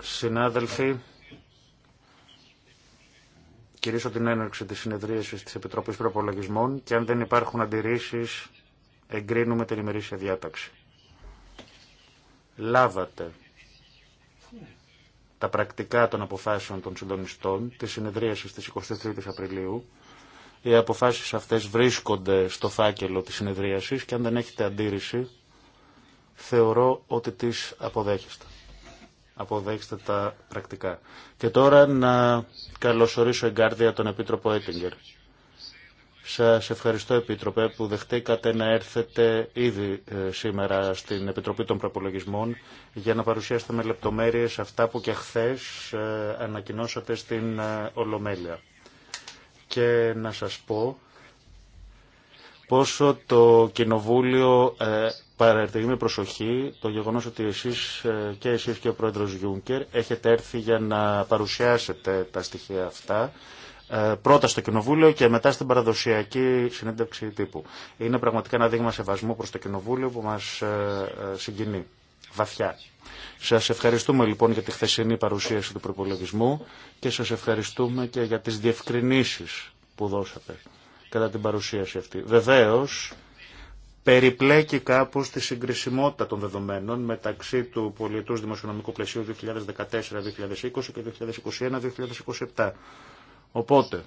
Συνάδελφοι, κηρύσω την έναρξη της συνεδρίασης της Επιτροπής Προπολογισμών και αν δεν υπάρχουν αντιρρήσεις εγκρίνουμε την ημερήσια διάταξη. Λάβατε τα πρακτικά των αποφάσεων των συντονιστών της συνεδρίασης της 23ης Απριλίου οι αποφάσεις αυτές βρίσκονται στο φάκελο της συνεδρίασης και αν δεν έχετε αντίρρηση θεωρώ ότι τις αποδέχεστε. Αποδέχεστε τα πρακτικά. Και τώρα να καλωσορίσω εγκάρδια τον Επίτροπο Έτιγκερ. Σας ευχαριστώ Επίτροπε που δεχτήκατε να έρθετε ήδη ε, σήμερα στην Επιτροπή των Προπολογισμών για να παρουσιάσετε με λεπτομέρειες αυτά που και χθες ε, ανακοινώσατε στην ε, Ολομέλεια και να σας πω πόσο το Κοινοβούλιο ε, παρατηρεί με προσοχή το γεγονός ότι εσείς ε, και εσείς και ο Πρόεδρος Γιούνκερ έχετε έρθει για να παρουσιάσετε τα στοιχεία αυτά ε, πρώτα στο Κοινοβούλιο και μετά στην παραδοσιακή συνέντευξη τύπου. Είναι πραγματικά ένα δείγμα σεβασμού προς το Κοινοβούλιο που μας ε, συγκινεί βαθιά. Σας ευχαριστούμε λοιπόν για τη χθεσινή παρουσίαση του προπολογισμού και σας ευχαριστούμε και για τις διευκρινήσει που δώσατε κατά την παρουσίαση αυτή. Βεβαίω περιπλέκει κάπω τη συγκρισιμότητα των δεδομένων μεταξύ του πολιτου δημοσιονομικου δημοσιονομικού πλαισίου 2014-2020 και 2021-2027. Οπότε,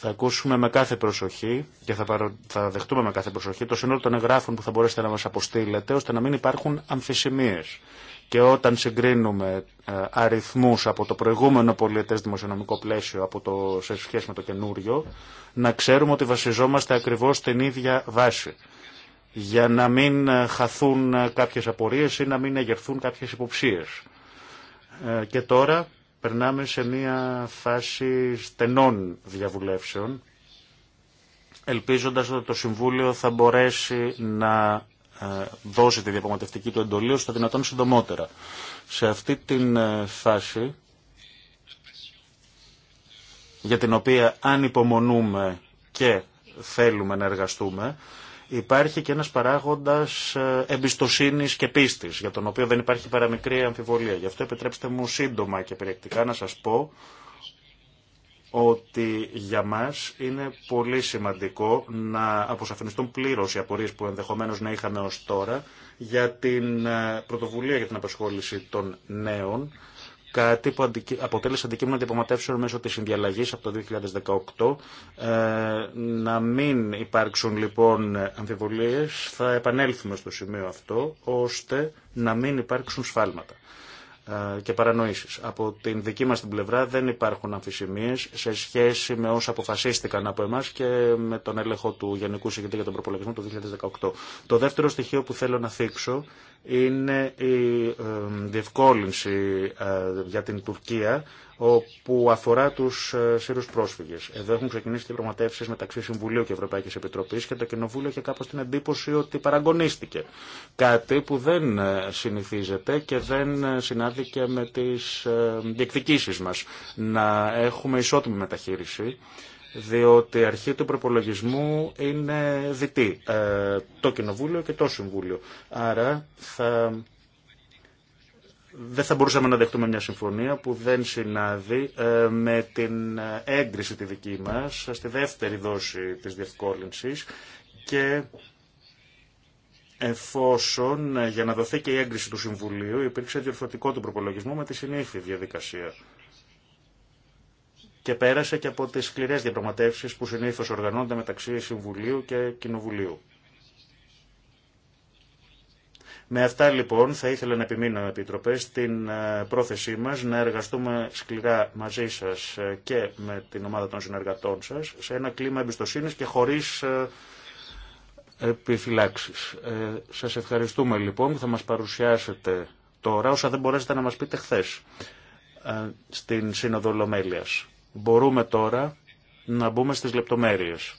Θα ακούσουμε με κάθε προσοχή και θα, θα δεχτούμε με κάθε προσοχή το σύνολο των εγγράφων που θα μπορέσετε να μας αποστείλετε ώστε να μην υπάρχουν αμφισημίες. Και όταν συγκρίνουμε ε, αριθμούς από το προηγούμενο πολιετές δημοσιονομικό πλαίσιο από το... σε σχέση με το καινούριο, να ξέρουμε ότι βασιζόμαστε ακριβώς στην ίδια βάση για να μην ε, χαθούν ε, κάποιες απορίες ή να μην εγερθούν κάποιες υποψίες. Και τώρα περνάμε σε μια φάση στενών διαβουλεύσεων, ελπίζοντας ότι το Συμβούλιο θα μπορέσει να ε, δώσει τη διαπραγματευτική του εντολή ώστε δυνατόν συντομότερα. Σε αυτή την ε, φάση, για την οποία αν υπομονούμε και θέλουμε να εργαστούμε, υπάρχει και ένας παράγοντας ε, εμπιστοσύνης και πίστης, για τον οποίο δεν υπάρχει παραμικρή αμφιβολία. Γι' αυτό επιτρέψτε μου σύντομα και περιεκτικά να σας πω ότι για μας είναι πολύ σημαντικό να αποσαφινιστούν πλήρως οι απορίες που ενδεχομένως να είχαμε ως τώρα για την ε, πρωτοβουλία για την απασχόληση των νέων κάτι που αποτέλεσε αντικείμενο διαπραγματεύσεων μέσω της συνδιαλλαγής από το 2018. Ε, να μην υπάρξουν λοιπόν αμφιβολίες, θα επανέλθουμε στο σημείο αυτό, ώστε να μην υπάρξουν σφάλματα. Ε, και παρανοήσεις. Από την δική μας την πλευρά δεν υπάρχουν αμφισημίες σε σχέση με όσα αποφασίστηκαν από εμάς και με τον έλεγχο του Γενικού Συγητή για τον Προπολογισμό του 2018. Το δεύτερο στοιχείο που θέλω να θίξω είναι η ε, διευκόλυνση ε, για την Τουρκία που αφορά του ε, Σύρου πρόσφυγε. Εδώ έχουν ξεκινήσει διαπραγματεύσει μεταξύ Συμβουλίου και Ευρωπαϊκή Επιτροπή και το Κοινοβούλιο είχε κάπω την εντύπωση ότι παραγωνίστηκε. Κάτι που δεν ε, συνηθίζεται και δεν ε, συνάδει και με τι διεκδικήσει μα. Να έχουμε ισότιμη μεταχείριση διότι η αρχή του προπολογισμού είναι διτή. το Κοινοβούλιο και το Συμβούλιο. Άρα θα δεν θα μπορούσαμε να δεχτούμε μια συμφωνία που δεν συνάδει ε, με την έγκριση τη δική μας στη δεύτερη δόση της διευκόλυνσης και εφόσον ε, για να δοθεί και η έγκριση του Συμβουλίου υπήρξε διορθωτικό του προπολογισμού με τη συνήθεια διαδικασία και πέρασε και από τις σκληρές διαπραγματεύσεις που συνήθως οργανώνται μεταξύ Συμβουλίου και Κοινοβουλίου. Με αυτά λοιπόν θα ήθελα να επιμείνω, Επίτροπε, στην ε, πρόθεσή μας να εργαστούμε σκληρά μαζί σας ε, και με την ομάδα των συνεργατών σας σε ένα κλίμα εμπιστοσύνης και χωρίς ε, επιφυλάξεις. Σας ευχαριστούμε λοιπόν που θα μας παρουσιάσετε τώρα όσα δεν μπορέσετε να μας πείτε χθε στην Σύνοδο Λομέλειας. Μπορούμε τώρα να μπούμε στις λεπτομέρειες.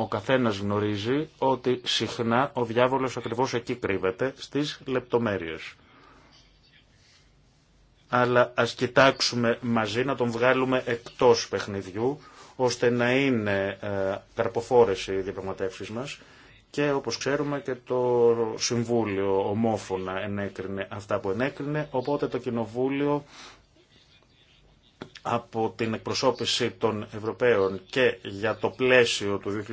Ο καθένας γνωρίζει ότι συχνά ο διάβολος ακριβώς εκεί κρύβεται, στις λεπτομέρειες. Αλλά ας κοιτάξουμε μαζί να τον βγάλουμε εκτός παιχνιδιού, ώστε να είναι ε, καρποφόρες οι διαπραγματεύσει μας και όπως ξέρουμε και το Συμβούλιο ομόφωνα ενέκρινε αυτά που ενέκρινε, οπότε το Κοινοβούλιο από την εκπροσώπηση των Ευρωπαίων και για το πλαίσιο του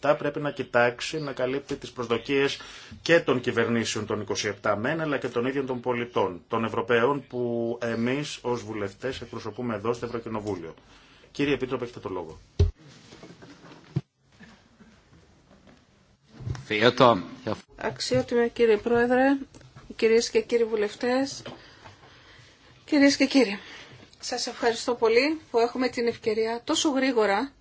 2021-2027 πρέπει να κοιτάξει να καλύπτει τις προσδοκίες και των κυβερνήσεων των 27 μεν αλλά και των ίδιων των πολιτών, των Ευρωπαίων που εμείς ως βουλευτές εκπροσωπούμε εδώ στο Ευρωκοινοβούλιο. Κύριε Επίτροπε, έχετε το λόγο. Αξιότιμε κύριε Πρόεδρε, κυρίες και κύριοι βουλευτές, κυρίες και κύριοι. Σας ευχαριστώ πολύ που έχουμε την ευκαιρία τόσο γρήγορα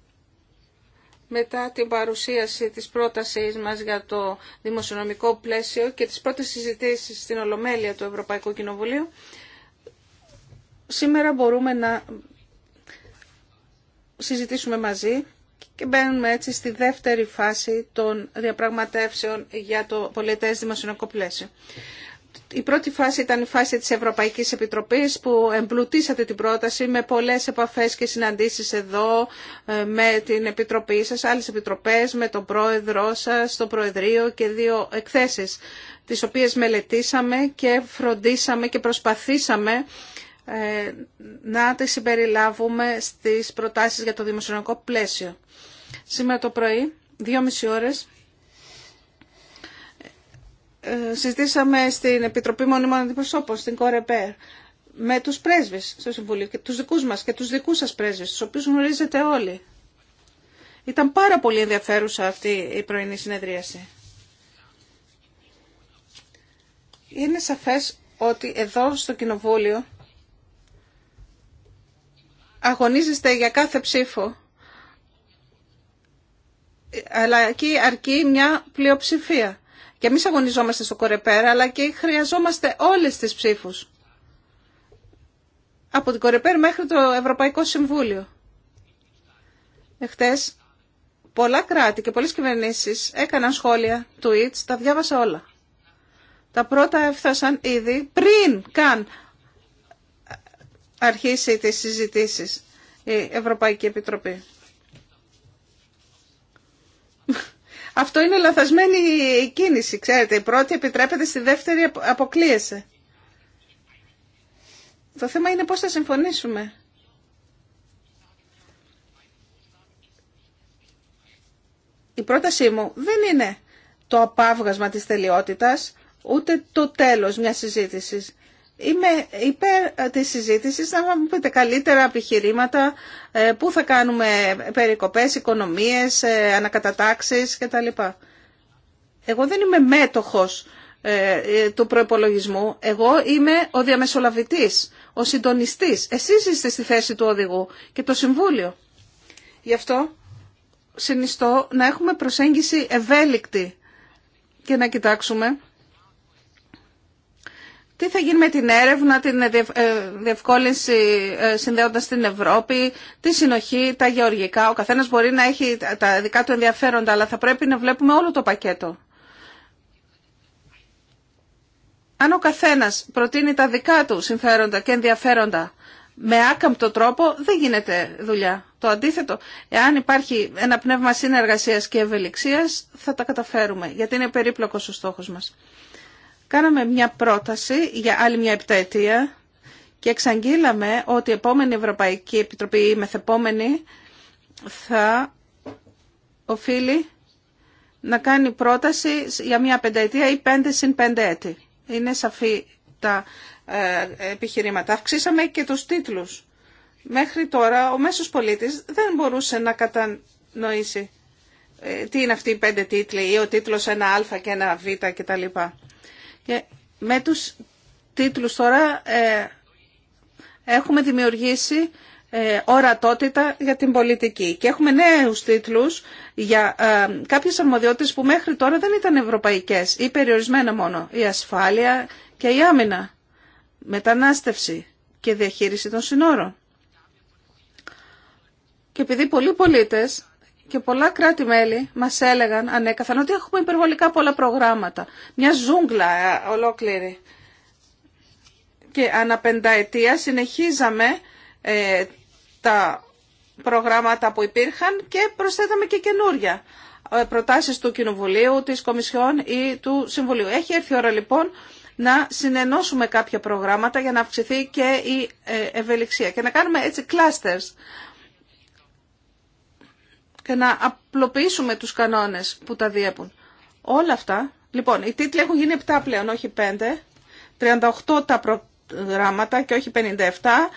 μετά την παρουσίαση της πρότασης μας για το δημοσιονομικό πλαίσιο και τις πρώτες συζητήσεις στην Ολομέλεια του Ευρωπαϊκού Κοινοβουλίου, σήμερα μπορούμε να συζητήσουμε μαζί και μπαίνουμε έτσι στη δεύτερη φάση των διαπραγματεύσεων για το πολιτές δημοσιονομικό πλαίσιο η πρώτη φάση ήταν η φάση της Ευρωπαϊκής Επιτροπής που εμπλουτίσατε την πρόταση με πολλές επαφές και συναντήσεις εδώ ε, με την Επιτροπή σας, άλλες επιτροπές, με τον Πρόεδρό σας, το Προεδρείο και δύο εκθέσεις τις οποίες μελετήσαμε και φροντίσαμε και προσπαθήσαμε ε, να τις συμπεριλάβουμε στις προτάσεις για το δημοσιονομικό πλαίσιο. Σήμερα το πρωί, δύο μισή ώρες, ε, συζητήσαμε στην Επιτροπή Μονίμων Αντιπροσώπων, στην ΚΟΡΕΠΕΡ, με τους πρέσβες στο Συμβουλίο, και τους δικούς μας και τους δικούς σας πρέσβεις, τους οποίους γνωρίζετε όλοι. Ήταν πάρα πολύ ενδιαφέρουσα αυτή η πρωινή συνεδρίαση. Είναι σαφές ότι εδώ στο Κοινοβούλιο αγωνίζεστε για κάθε ψήφο, αλλά εκεί αρκεί μια πλειοψηφία. Και εμεί αγωνιζόμαστε στο Κορεπέρα, αλλά και χρειαζόμαστε όλες τις ψήφους. Από την Κορεπέρα μέχρι το Ευρωπαϊκό Συμβούλιο. Εχθές πολλά κράτη και πολλές κυβερνήσεις έκαναν σχόλια, tweets, τα διάβασα όλα. Τα πρώτα έφτασαν ήδη πριν καν αρχίσει τις συζητήσεις η Ευρωπαϊκή Επιτροπή. Αυτό είναι λαθασμένη κίνηση, ξέρετε. Η πρώτη επιτρέπεται, στη δεύτερη αποκλείεσαι. Το θέμα είναι πώς θα συμφωνήσουμε. Η πρότασή μου δεν είναι το απάβγασμα της τελειότητας, ούτε το τέλος μιας συζήτησης. Είμαι υπέρ ε, της συζήτησης να μου πείτε καλύτερα επιχειρήματα, ε, πού θα κάνουμε περικοπές, οικονομίες, ε, ανακατατάξεις κτλ. Εγώ δεν είμαι μέτοχος του προϋπολογισμού, εγώ είμαι ο διαμεσολαβητής, ο συντονιστής. Εσείς είστε στη θέση του οδηγού και το Συμβούλιο. Γι' αυτό συνιστώ να έχουμε προσέγγιση ευέλικτη και να κοιτάξουμε τι θα γίνει με την έρευνα, την ε, διευκόλυνση ε, συνδέοντας την Ευρώπη, τη συνοχή, τα γεωργικά. Ο καθένας μπορεί να έχει τα δικά του ενδιαφέροντα, αλλά θα πρέπει να βλέπουμε όλο το πακέτο. Αν ο καθένας προτείνει τα δικά του συμφέροντα και ενδιαφέροντα με άκαμπτο τρόπο, δεν γίνεται δουλειά. Το αντίθετο, εάν υπάρχει ένα πνεύμα συνεργασίας και ευελιξίας, θα τα καταφέρουμε, γιατί είναι περίπλοκος ο στόχος μας. Κάναμε μια πρόταση για άλλη μια επταετία και εξαγγείλαμε ότι η επόμενη Ευρωπαϊκή Επιτροπή ή μεθεπόμενη θα οφείλει να κάνει πρόταση για μια πενταετία ή πέντε συν πέντε έτη. Είναι σαφή τα ε, επιχειρήματα. Αυξήσαμε και τους τίτλους. Μέχρι τώρα ο μέσος πολίτης δεν μπορούσε να κατανοήσει ε, τι είναι αυτοί οι πέντε τίτλοι ή ο τίτλος ένα α και ένα β κτλ με τους τίτλους τώρα ε, έχουμε δημιουργήσει ε, ορατότητα για την πολιτική και έχουμε νέους τίτλους για ε, κάποιες αρμοδιότητες που μέχρι τώρα δεν ήταν ευρωπαϊκές ή περιορισμένα μόνο. Η ασφάλεια και η άμυνα, μετανάστευση και διαχείριση των συνόρων. Και επειδή πολλοί πολίτες και πολλά κράτη-μέλη μας έλεγαν ανέκαθαν ότι έχουμε υπερβολικά πολλά προγράμματα. Μια ζούγκλα ε, ολόκληρη. Και ανά πενταετία συνεχίζαμε ε, τα προγράμματα που υπήρχαν και προσθέταμε και καινούρια ε, προτάσεις του Κοινοβουλίου, της Κομισιόν ή του Συμβουλίου. Έχει έρθει η ώρα λοιπόν να συνενώσουμε κάποια προγράμματα για να αυξηθεί και η ευελιξία και να κάνουμε έτσι κλάστερς και να απλοποιήσουμε τους κανόνες που τα διέπουν. Όλα αυτά, λοιπόν, οι τίτλοι έχουν γίνει 7 πλέον, όχι 5, 38 τα προγράμματα και όχι 57,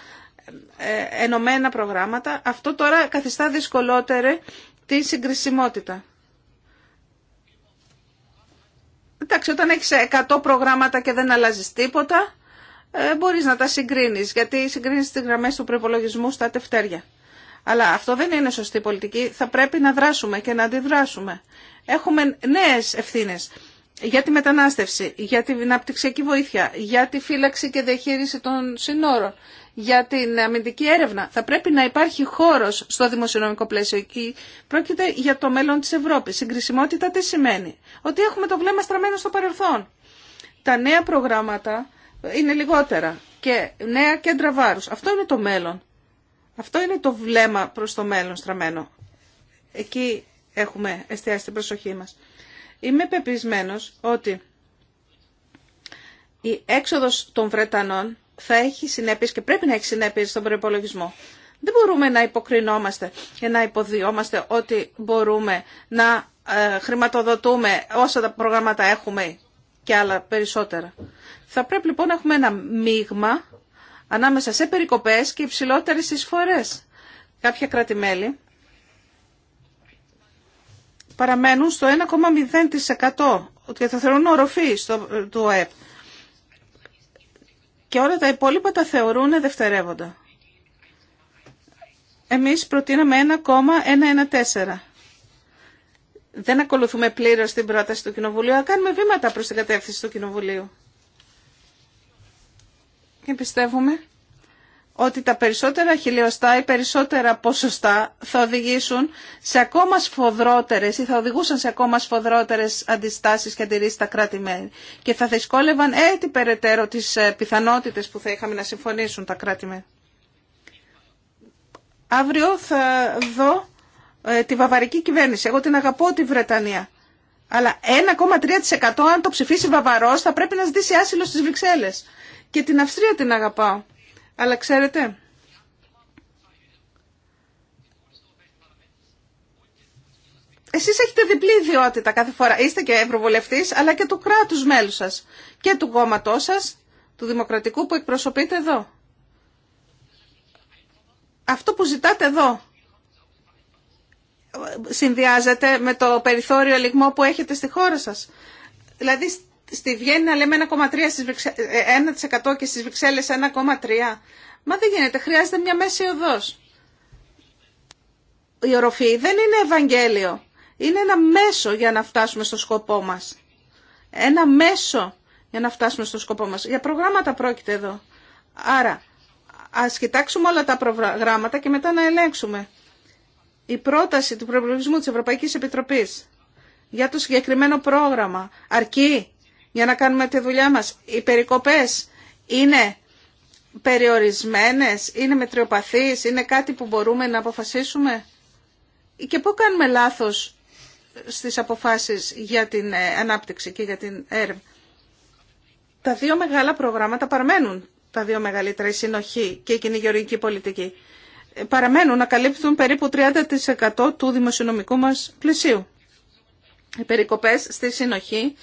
ε, ενωμένα προγράμματα. Αυτό τώρα καθιστά δυσκολότερη τη συγκρισιμότητα. Εντάξει, όταν έχεις 100 προγράμματα και δεν αλλάζεις τίποτα, ε, μπορείς να τα συγκρίνεις, γιατί συγκρίνεις τις γραμμές του προπολογισμού στα τευτέρια. Αλλά αυτό δεν είναι σωστή πολιτική. Θα πρέπει να δράσουμε και να αντιδράσουμε. Έχουμε νέε ευθύνε για τη μετανάστευση, για την αναπτυξιακή βοήθεια, για τη φύλαξη και διαχείριση των συνόρων, για την αμυντική έρευνα. Θα πρέπει να υπάρχει χώρο στο δημοσιονομικό πλαίσιο. Εκεί πρόκειται για το μέλλον τη Ευρώπη. Συγκρισιμότητα τι σημαίνει. Ότι έχουμε το βλέμμα στραμμένο στο παρελθόν. Τα νέα προγράμματα είναι λιγότερα και νέα κέντρα βάρους. Αυτό είναι το μέλλον. Αυτό είναι το βλέμμα προς το μέλλον στραμμένο. Εκεί έχουμε εστιάσει την προσοχή μας. Είμαι πεπισμένος ότι η έξοδος των Βρετανών θα έχει συνέπειες και πρέπει να έχει συνέπειες στον προπολογισμό. Δεν μπορούμε να υποκρινόμαστε και να υποδιόμαστε ότι μπορούμε να ε, χρηματοδοτούμε όσα τα προγράμματα έχουμε και άλλα περισσότερα. Θα πρέπει λοιπόν να έχουμε ένα μείγμα ανάμεσα σε περικοπές και υψηλότερες εισφορές. Κάποια κράτη-μέλη παραμένουν στο 1,0% ότι θα θεωρούν οροφή του ΟΕΠ Και όλα τα υπόλοιπα τα θεωρούν δευτερεύοντα. Εμείς προτείναμε 1,114. Δεν ακολουθούμε πλήρως την πρόταση του Κοινοβουλίου, αλλά κάνουμε βήματα προς την κατεύθυνση του Κοινοβουλίου και πιστεύουμε ότι τα περισσότερα χιλιοστά ή περισσότερα ποσοστά θα οδηγήσουν σε ακόμα σφοδρότερες ή θα οδηγούσαν σε ακόμα σφοδρότερες αντιστάσεις και αντιρρήσεις στα κράτη-μέλη και θα δυσκόλευαν έτσι ε, περαιτέρω τις ε, πιθανότητες που θα είχαμε να συμφωνήσουν τα κράτη-μέλη. Αύριο θα δω ε, τη βαβαρική κυβέρνηση. Εγώ την αγαπώ τη Βρετανία. Αλλά 1,3% αν το ψηφίσει βαβαρός θα πρέπει να ζητήσει άσυλο στις Βρυξέλλες. Και την Αυστρία την αγαπάω. Αλλά ξέρετε, Εσείς έχετε διπλή ιδιότητα κάθε φορά. Είστε και ευρωβουλευτής, αλλά και του κράτους μέλους σας. Και του κόμματός σας, του δημοκρατικού που εκπροσωπείτε εδώ. Αυτό που ζητάτε εδώ συνδυάζεται με το περιθώριο λιγμό που έχετε στη χώρα σας. Δηλαδή στη Βιέννη να λέμε 1,3% 1% ε, και στις Βρυξέλλες 1,3%. Μα δεν γίνεται, χρειάζεται μια μέση οδός. Η οροφή δεν είναι Ευαγγέλιο. Είναι ένα μέσο για να φτάσουμε στο σκοπό μας. Ένα μέσο για να φτάσουμε στο σκοπό μας. Για προγράμματα πρόκειται εδώ. Άρα, ας κοιτάξουμε όλα τα προγράμματα και μετά να ελέγξουμε. Η πρόταση του προϋπολογισμού της Ευρωπαϊκής Επιτροπής για το συγκεκριμένο πρόγραμμα αρκεί για να κάνουμε τη δουλειά μας. Οι περικοπές είναι περιορισμένες, είναι μετριοπαθείς, είναι κάτι που μπορούμε να αποφασίσουμε. Και πού κάνουμε λάθος στις αποφάσεις για την ε, ανάπτυξη και για την έρευνα. Τα δύο μεγάλα προγράμματα παραμένουν, τα δύο μεγαλύτερα, η συνοχή και η κυνηγεωρική πολιτική. Ε, παραμένουν να καλύπτουν περίπου 30% του δημοσιονομικού μας πλαισίου. Οι περικοπές στη συνοχή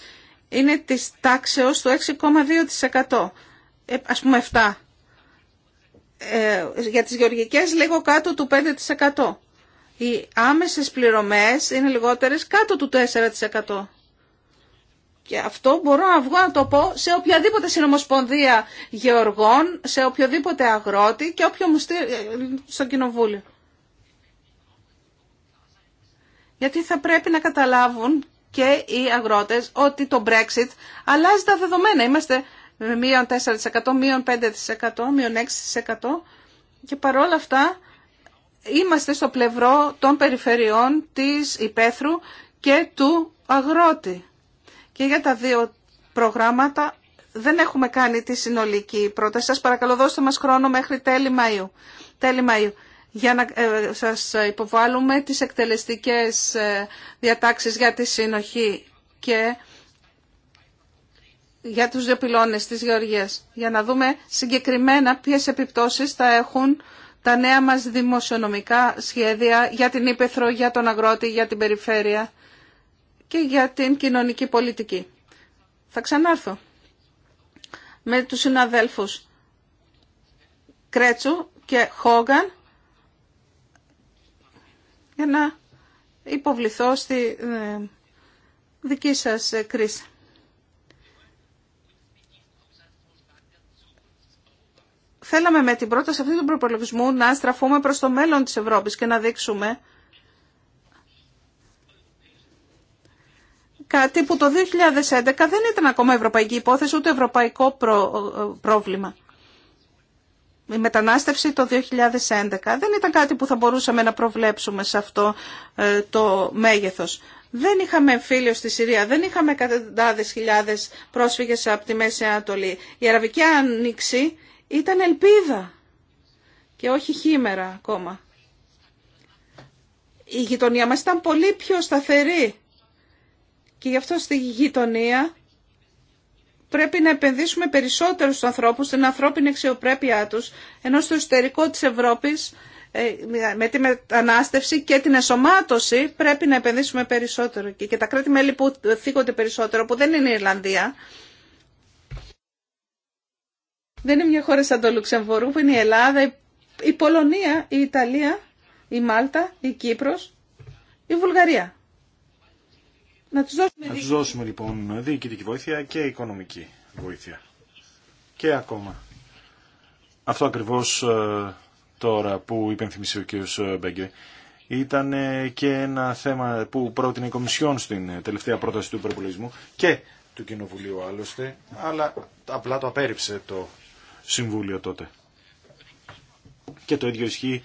είναι της τάξεως του 6,2%. Ε, ας πούμε 7. Ε, για τις γεωργικές λίγο κάτω του 5%. Οι άμεσες πληρωμές είναι λιγότερες κάτω του 4%. Και αυτό μπορώ να βγω να το πω σε οποιαδήποτε συνομοσπονδία γεωργών, σε οποιοδήποτε αγρότη και όποιο μου ε, στο κοινοβούλιο. Γιατί θα πρέπει να καταλάβουν και οι αγρότες ότι το Brexit αλλάζει τα δεδομένα. Είμαστε με μείον 4%, μείον 5%, μείον 6% και παρόλα αυτά είμαστε στο πλευρό των περιφερειών της υπαίθρου και του αγρότη. Και για τα δύο προγράμματα δεν έχουμε κάνει τη συνολική πρόταση. Σας παρακαλώ δώστε μας χρόνο μέχρι τέλη Μαΐου. Τέλη Μαΐου για να ε, σας υποβάλουμε τις εκτελεστικές ε, διατάξεις για τη συνοχή και για τους δύο πυλώνες της Γεωργίας, για να δούμε συγκεκριμένα ποιες επιπτώσεις θα έχουν τα νέα μας δημοσιονομικά σχέδια για την Ήπεθρο, για τον Αγρότη, για την Περιφέρεια και για την κοινωνική πολιτική. Θα ξανάρθω με τους συναδέλφους Κρέτσου και Χόγκαν για να υποβληθώ στη ε, δική σας ε, κρίση. Θέλαμε με την πρόταση αυτή του προπολογισμού να στραφούμε προς το μέλλον της Ευρώπης και να δείξουμε κάτι που το 2011 δεν ήταν ακόμα ευρωπαϊκή υπόθεση ούτε ευρωπαϊκό ε, πρόβλημα η μετανάστευση το 2011 δεν ήταν κάτι που θα μπορούσαμε να προβλέψουμε σε αυτό ε, το μέγεθος. Δεν είχαμε φίλιο στη Συρία, δεν είχαμε εκατοντάδες χιλιάδες πρόσφυγες από τη Μέση Ανατολή. Η Αραβική Άνοιξη ήταν ελπίδα και όχι χήμερα ακόμα. Η γειτονία μας ήταν πολύ πιο σταθερή και γι' αυτό στη γειτονία πρέπει να επενδύσουμε περισσότερο στους ανθρώπους, στην ανθρώπινη αξιοπρέπειά τους, ενώ στο εσωτερικό της Ευρώπης ε, με τη μετανάστευση και την εσωμάτωση πρέπει να επενδύσουμε περισσότερο. Και, και τα κράτη-μέλη που θίγονται περισσότερο, που δεν είναι η Ιρλανδία, δεν είναι μια χώρα σαν το Λουξεμβούργο, που είναι η Ελλάδα, η Πολωνία, η Ιταλία, η Μάλτα, η Κύπρος, η Βουλγαρία. Να τους δώσουμε, να τους λοιπόν διοικητική βοήθεια και οικονομική βοήθεια. Και ακόμα. Αυτό ακριβώς ε, τώρα που υπενθυμίσε ο κ. Ε, Μπέγκε ήταν και ένα θέμα που πρότεινε η Κομισιόν στην ε, τελευταία πρόταση του προπολογισμού και του Κοινοβουλίου άλλωστε, αλλά απλά το απέρριψε το Συμβούλιο τότε. Και το ίδιο ισχύει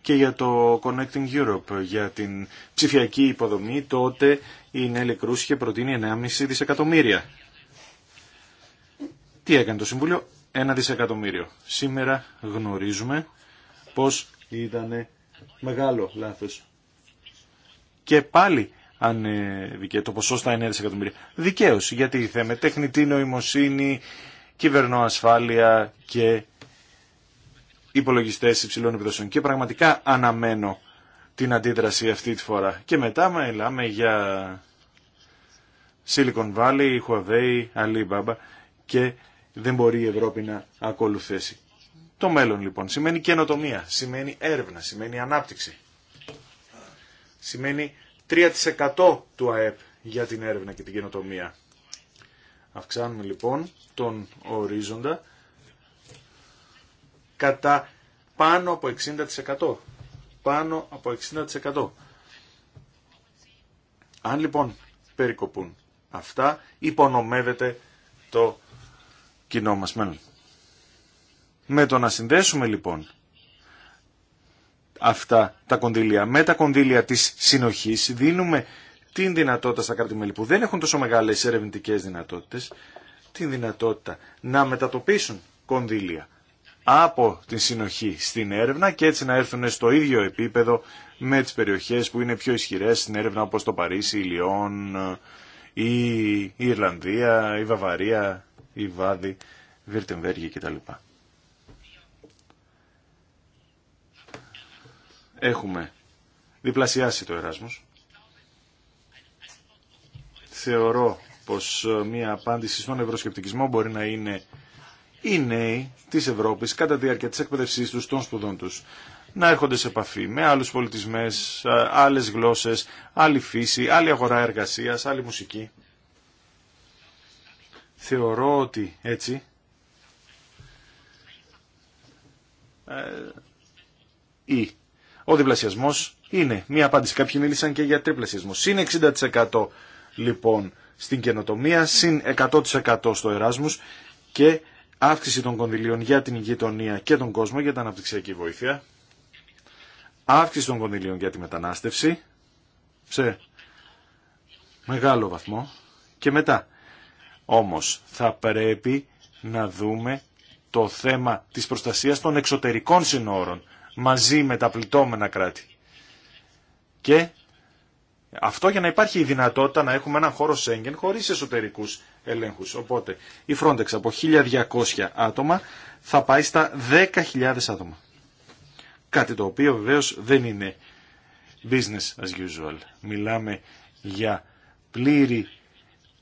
και για το Connecting Europe, για την ψηφιακή υποδομή, τότε η Νέλη Κρούς είχε προτείνει 1,5 δισεκατομμύρια. Τι έκανε το Συμβούλιο, 1 δισεκατομμύριο. Σήμερα γνωρίζουμε πως ήταν μεγάλο λάθος. Και πάλι ανέβηκε το ποσό στα 9 δισεκατομμύρια. Δικαίως, γιατί θέμε τεχνητή νοημοσύνη, ασφάλεια και υπολογιστέ υψηλών επιδοσών και πραγματικά αναμένω την αντίδραση αυτή τη φορά. Και μετά μιλάμε για Silicon Valley, Huawei, Alibaba και δεν μπορεί η Ευρώπη να ακολουθήσει. Το μέλλον λοιπόν σημαίνει καινοτομία, σημαίνει έρευνα, σημαίνει ανάπτυξη. Σημαίνει 3% του ΑΕΠ για την έρευνα και την καινοτομία. Αυξάνουμε λοιπόν τον ορίζοντα κατά πάνω από 60%. Πάνω από 60%. Αν λοιπόν περικοπούν αυτά, υπονομεύεται το κοινό μας μέλλον. Με το να συνδέσουμε λοιπόν αυτά τα κονδύλια με τα κονδύλια της συνοχής δίνουμε την δυνατότητα στα κρατη που δεν έχουν τόσο μεγάλες ερευνητικές δυνατότητες την δυνατότητα να μετατοπίσουν κονδύλια από την συνοχή στην έρευνα και έτσι να έρθουν στο ίδιο επίπεδο με τις περιοχές που είναι πιο ισχυρές στην έρευνα όπως το Παρίσι, η Λιόν, η Ιρλανδία, η Βαβαρία, η Βάδη, Βιρτεμβέργη κτλ. Έχουμε διπλασιάσει το Εράσμος. Θεωρώ πως μια απάντηση στον ευρωσκεπτικισμό μπορεί να είναι οι νέοι της Ευρώπης κατά τη διάρκεια τη εκπαιδευσής τους των σπουδών του να έρχονται σε επαφή με άλλου πολιτισμές, άλλες γλώσσες, άλλη φύση, άλλη αγορά εργασία, άλλη μουσική. Θεωρώ ότι έτσι ή ε, ο διπλασιασμός είναι μία απάντηση. Κάποιοι μίλησαν και για τριπλασιασμό. Συν 60% λοιπόν στην καινοτομία, συν 100% στο Εράσμους και αύξηση των κονδυλίων για την γειτονία και τον κόσμο για την αναπτυξιακή βοήθεια, αύξηση των κονδυλίων για τη μετανάστευση σε μεγάλο βαθμό και μετά. Όμως θα πρέπει να δούμε το θέμα της προστασίας των εξωτερικών συνόρων μαζί με τα πληττόμενα κράτη. Και αυτό για να υπάρχει η δυνατότητα να έχουμε έναν χώρο Σέγγεν χωρίς εσωτερικούς ελέγχους. Οπότε η Frontex από 1.200 άτομα θα πάει στα 10.000 άτομα. Κάτι το οποίο βεβαίως δεν είναι business as usual. Μιλάμε για πλήρη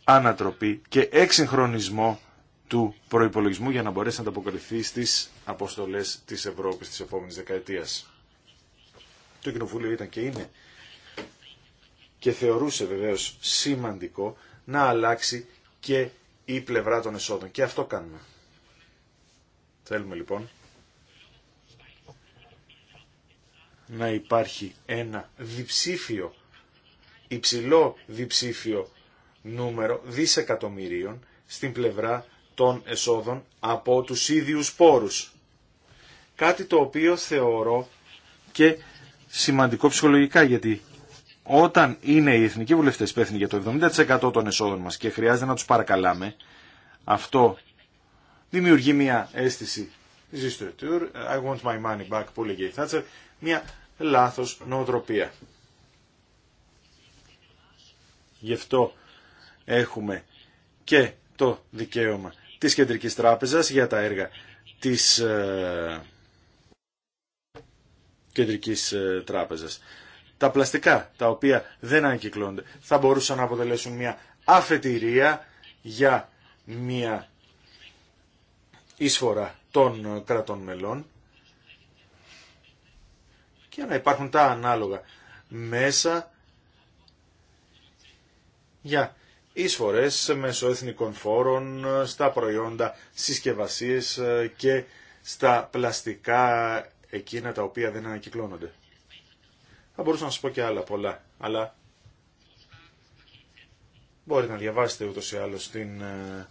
ανατροπή και εξυγχρονισμό του προϋπολογισμού για να μπορέσει να ανταποκριθεί στις αποστολές της Ευρώπης της επόμενης δεκαετίας. Το Κοινοβούλιο ήταν και είναι και θεωρούσε βεβαίως σημαντικό να αλλάξει και η πλευρά των εσόδων. Και αυτό κάνουμε. Θέλουμε λοιπόν να υπάρχει ένα διψήφιο, υψηλό διψήφιο νούμερο δισεκατομμυρίων στην πλευρά των εσόδων από τους ίδιους πόρους. Κάτι το οποίο θεωρώ και σημαντικό ψυχολογικά γιατί όταν είναι οι εθνικοί βουλευτέ υπεύθυνοι για το 70% των εσόδων μας και χρειάζεται να του παρακαλάμε, αυτό δημιουργεί μια αίσθηση I want my money back που λέγει η Θάτσερ, μια λάθος νοοτροπία. Γι' αυτό έχουμε και το δικαίωμα της Κεντρικής Τράπεζας για τα έργα της ε, Κεντρικής ε, Τράπεζας τα πλαστικά τα οποία δεν ανακυκλώνονται θα μπορούσαν να αποτελέσουν μια αφετηρία για μια εισφορά των κρατών μελών και να υπάρχουν τα ανάλογα μέσα για εισφορές μέσω εθνικών φόρων στα προϊόντα συσκευασίες και στα πλαστικά εκείνα τα οποία δεν ανακυκλώνονται. Θα μπορούσα να σας πω και άλλα πολλά, αλλά μπορείτε να διαβάσετε ούτως ή άλλως την ε,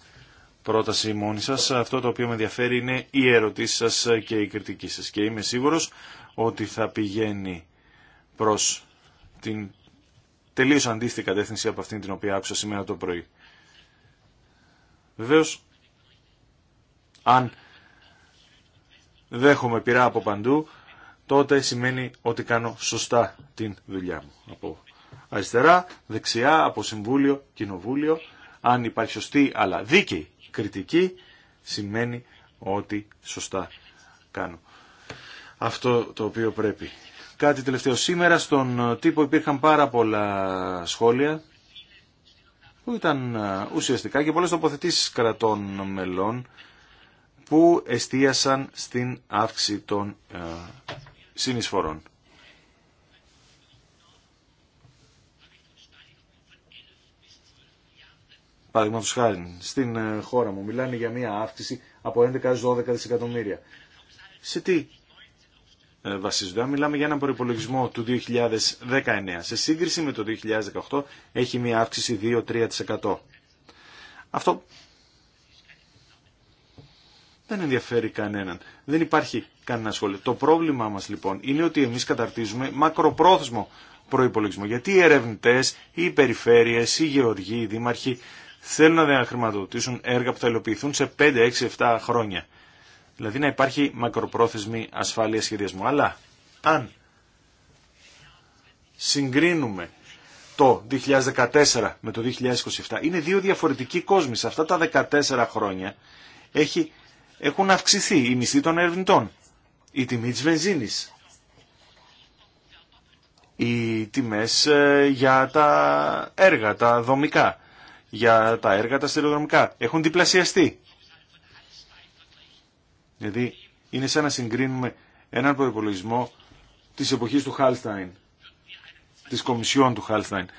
πρόταση μονη σας. Αυτό το οποίο με ενδιαφέρει είναι η ερωτήσεις σας και η κριτική σας. Και είμαι σίγουρος ότι θα πηγαίνει προς την τελείως αντίθετη κατεύθυνση από αυτήν την οποία άκουσα σήμερα το πρωί. Βεβαίως, αν δέχομαι πειρά από παντού, τότε σημαίνει ότι κάνω σωστά την δουλειά μου. Από αριστερά, δεξιά, από συμβούλιο, κοινοβούλιο, αν υπάρχει σωστή αλλά δίκαιη κριτική, σημαίνει ότι σωστά κάνω. Αυτό το οποίο πρέπει. Κάτι τελευταίο. Σήμερα στον τύπο υπήρχαν πάρα πολλά σχόλια που ήταν ουσιαστικά και πολλές τοποθετήσεις κρατών μελών που εστίασαν στην αύξηση των συνεισφορών. Παραδείγματος χάρη, στην ε, χώρα μου μιλάνε για μια αύξηση από 11 έως 12 δισεκατομμύρια. Σε τι ε, βασίζονται. μιλάμε για έναν προπολογισμό του 2019, σε σύγκριση με το 2018 έχει μια αύξηση 2-3%. Αυτό δεν ενδιαφέρει κανέναν. Δεν υπάρχει κανένα σχόλιο. Το πρόβλημά μα λοιπόν είναι ότι εμεί καταρτίζουμε μακροπρόθεσμο προπολογισμό. Γιατί οι ερευνητέ, οι περιφέρειες, οι γεωργοί, οι δήμαρχοι θέλουν να χρηματοδοτήσουν έργα που θα υλοποιηθούν σε 5, 6, 7 χρόνια. Δηλαδή να υπάρχει μακροπρόθεσμη ασφάλεια σχεδιασμού. Αλλά αν συγκρίνουμε το 2014 με το 2027 είναι δύο διαφορετικοί κόσμοι. Σε αυτά τα 14 χρόνια έχει έχουν αυξηθεί οι μισθοί των ερευνητών, η τιμή της βενζίνης, οι τιμές ε, για τα έργα, τα δομικά, για τα έργα τα στερεοδρομικά. Έχουν διπλασιαστεί. Δηλαδή είναι σαν να συγκρίνουμε έναν προπολογισμό της εποχής του Χάλσταϊν, της Κομισιόν του Χάλσταϊν,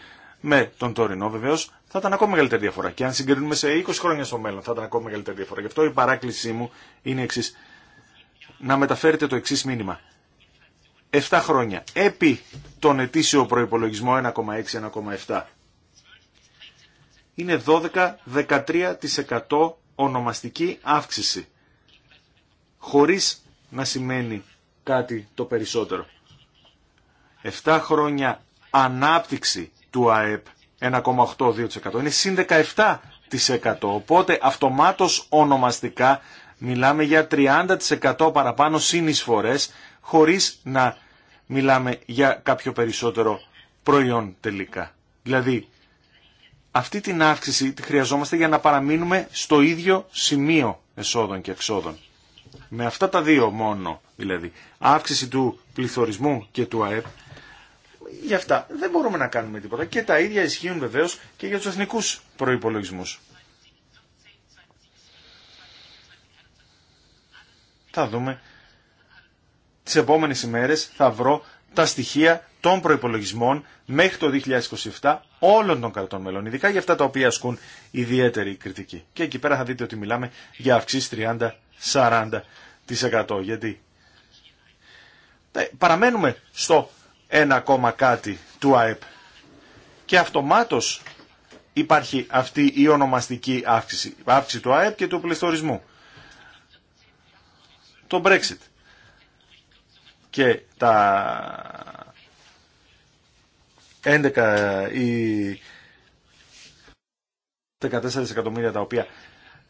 με τον τωρινό βεβαίως, θα ήταν ακόμα μεγαλύτερη διαφορά. Και αν συγκρίνουμε σε 20 χρόνια στο μέλλον, θα ήταν ακόμα μεγαλύτερη διαφορά. Γι' αυτό η παράκλησή μου είναι εξή. Να μεταφέρετε το εξή μήνυμα. 7 χρόνια. Επί τον ετήσιο προπολογισμό 1,6-1,7. Είναι 12-13% ονομαστική αύξηση. Χωρίς να σημαίνει κάτι το περισσότερο. 7 χρόνια ανάπτυξη του ΑΕΠ 1,82%. Είναι συν 17%. Οπότε αυτομάτως ονομαστικά μιλάμε για 30% παραπάνω εισφορές χωρίς να μιλάμε για κάποιο περισσότερο προϊόν τελικά. Δηλαδή αυτή την αύξηση τη χρειαζόμαστε για να παραμείνουμε στο ίδιο σημείο εσόδων και εξόδων. Με αυτά τα δύο μόνο δηλαδή, αύξηση του πληθωρισμού και του ΑΕΠ για αυτά δεν μπορούμε να κάνουμε τίποτα και τα ίδια ισχύουν βεβαίως και για τους εθνικούς προϋπολογισμούς. Θα δούμε. Τις επόμενες ημέρες θα βρω τα στοιχεία των προϋπολογισμών μέχρι το 2027 όλων των κρατών μελών, ειδικά για αυτά τα οποία ασκούν ιδιαίτερη κριτική. Και εκεί πέρα θα δείτε ότι μιλάμε για αυξήσει 30-40%. Γιατί ε, παραμένουμε στο ένα ακόμα κάτι του ΑΕΠ. Και αυτομάτως υπάρχει αυτή η ονομαστική αύξηση, αύξηση του ΑΕΠ και του πληθωρισμού. Το Brexit και τα 11 ή 14 εκατομμύρια τα οποία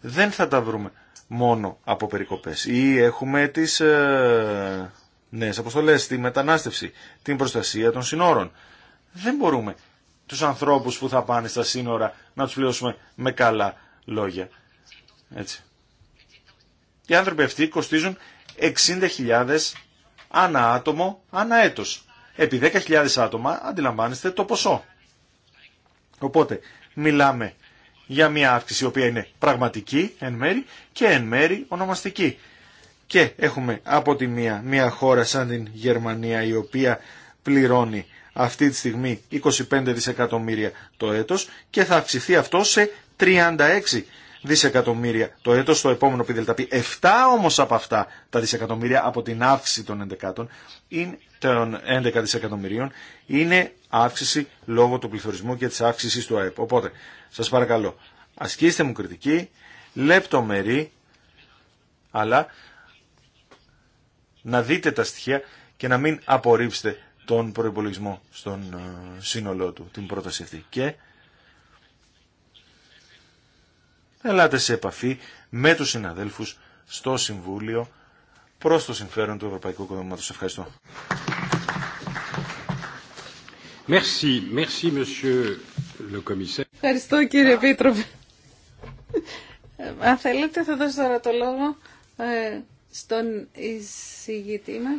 δεν θα τα βρούμε μόνο από περικοπές. Ή έχουμε τις ε, νέε αποστολές, τη μετανάστευση, την προστασία των συνόρων. Δεν μπορούμε τους ανθρώπους που θα πάνε στα σύνορα να τους πληρώσουμε με καλά λόγια. Έτσι. Οι άνθρωποι αυτοί κοστίζουν 60.000 ανά άτομο, ανά έτος. Επί 10.000 άτομα αντιλαμβάνεστε το ποσό. Οπότε μιλάμε για μια αύξηση η οποία είναι πραγματική εν μέρη και εν μέρη ονομαστική. Και έχουμε από τη μία μια χώρα σαν την Γερμανία η οποία πληρώνει αυτή τη στιγμή 25 δισεκατομμύρια το έτος και θα αυξηθεί αυτό σε 36 δισεκατομμύρια το έτος στο επόμενο πηδελταπή. 7 όμως από αυτά τα δισεκατομμύρια από την αύξηση των 11, είναι, των 11 δισεκατομμυρίων είναι αύξηση λόγω του πληθωρισμού και της αύξησης του ΑΕΠ. Οπότε σας παρακαλώ ασκήστε μου κριτική, λεπτομερή αλλά να δείτε τα στοιχεία και να μην απορρίψετε τον προϋπολογισμό στον ε, σύνολό του, την πρόταση αυτή. Και ελάτε σε επαφή με τους συναδέλφους στο Συμβούλιο προς το συμφέρον του Ευρωπαϊκού Οικοδομήματος. Ευχαριστώ. Merci, merci, monsieur le commissaire. Ευχαριστώ κύριε ε, Αν θέλετε θα δώσω τώρα το λόγο ε, στον εισηγητή μα,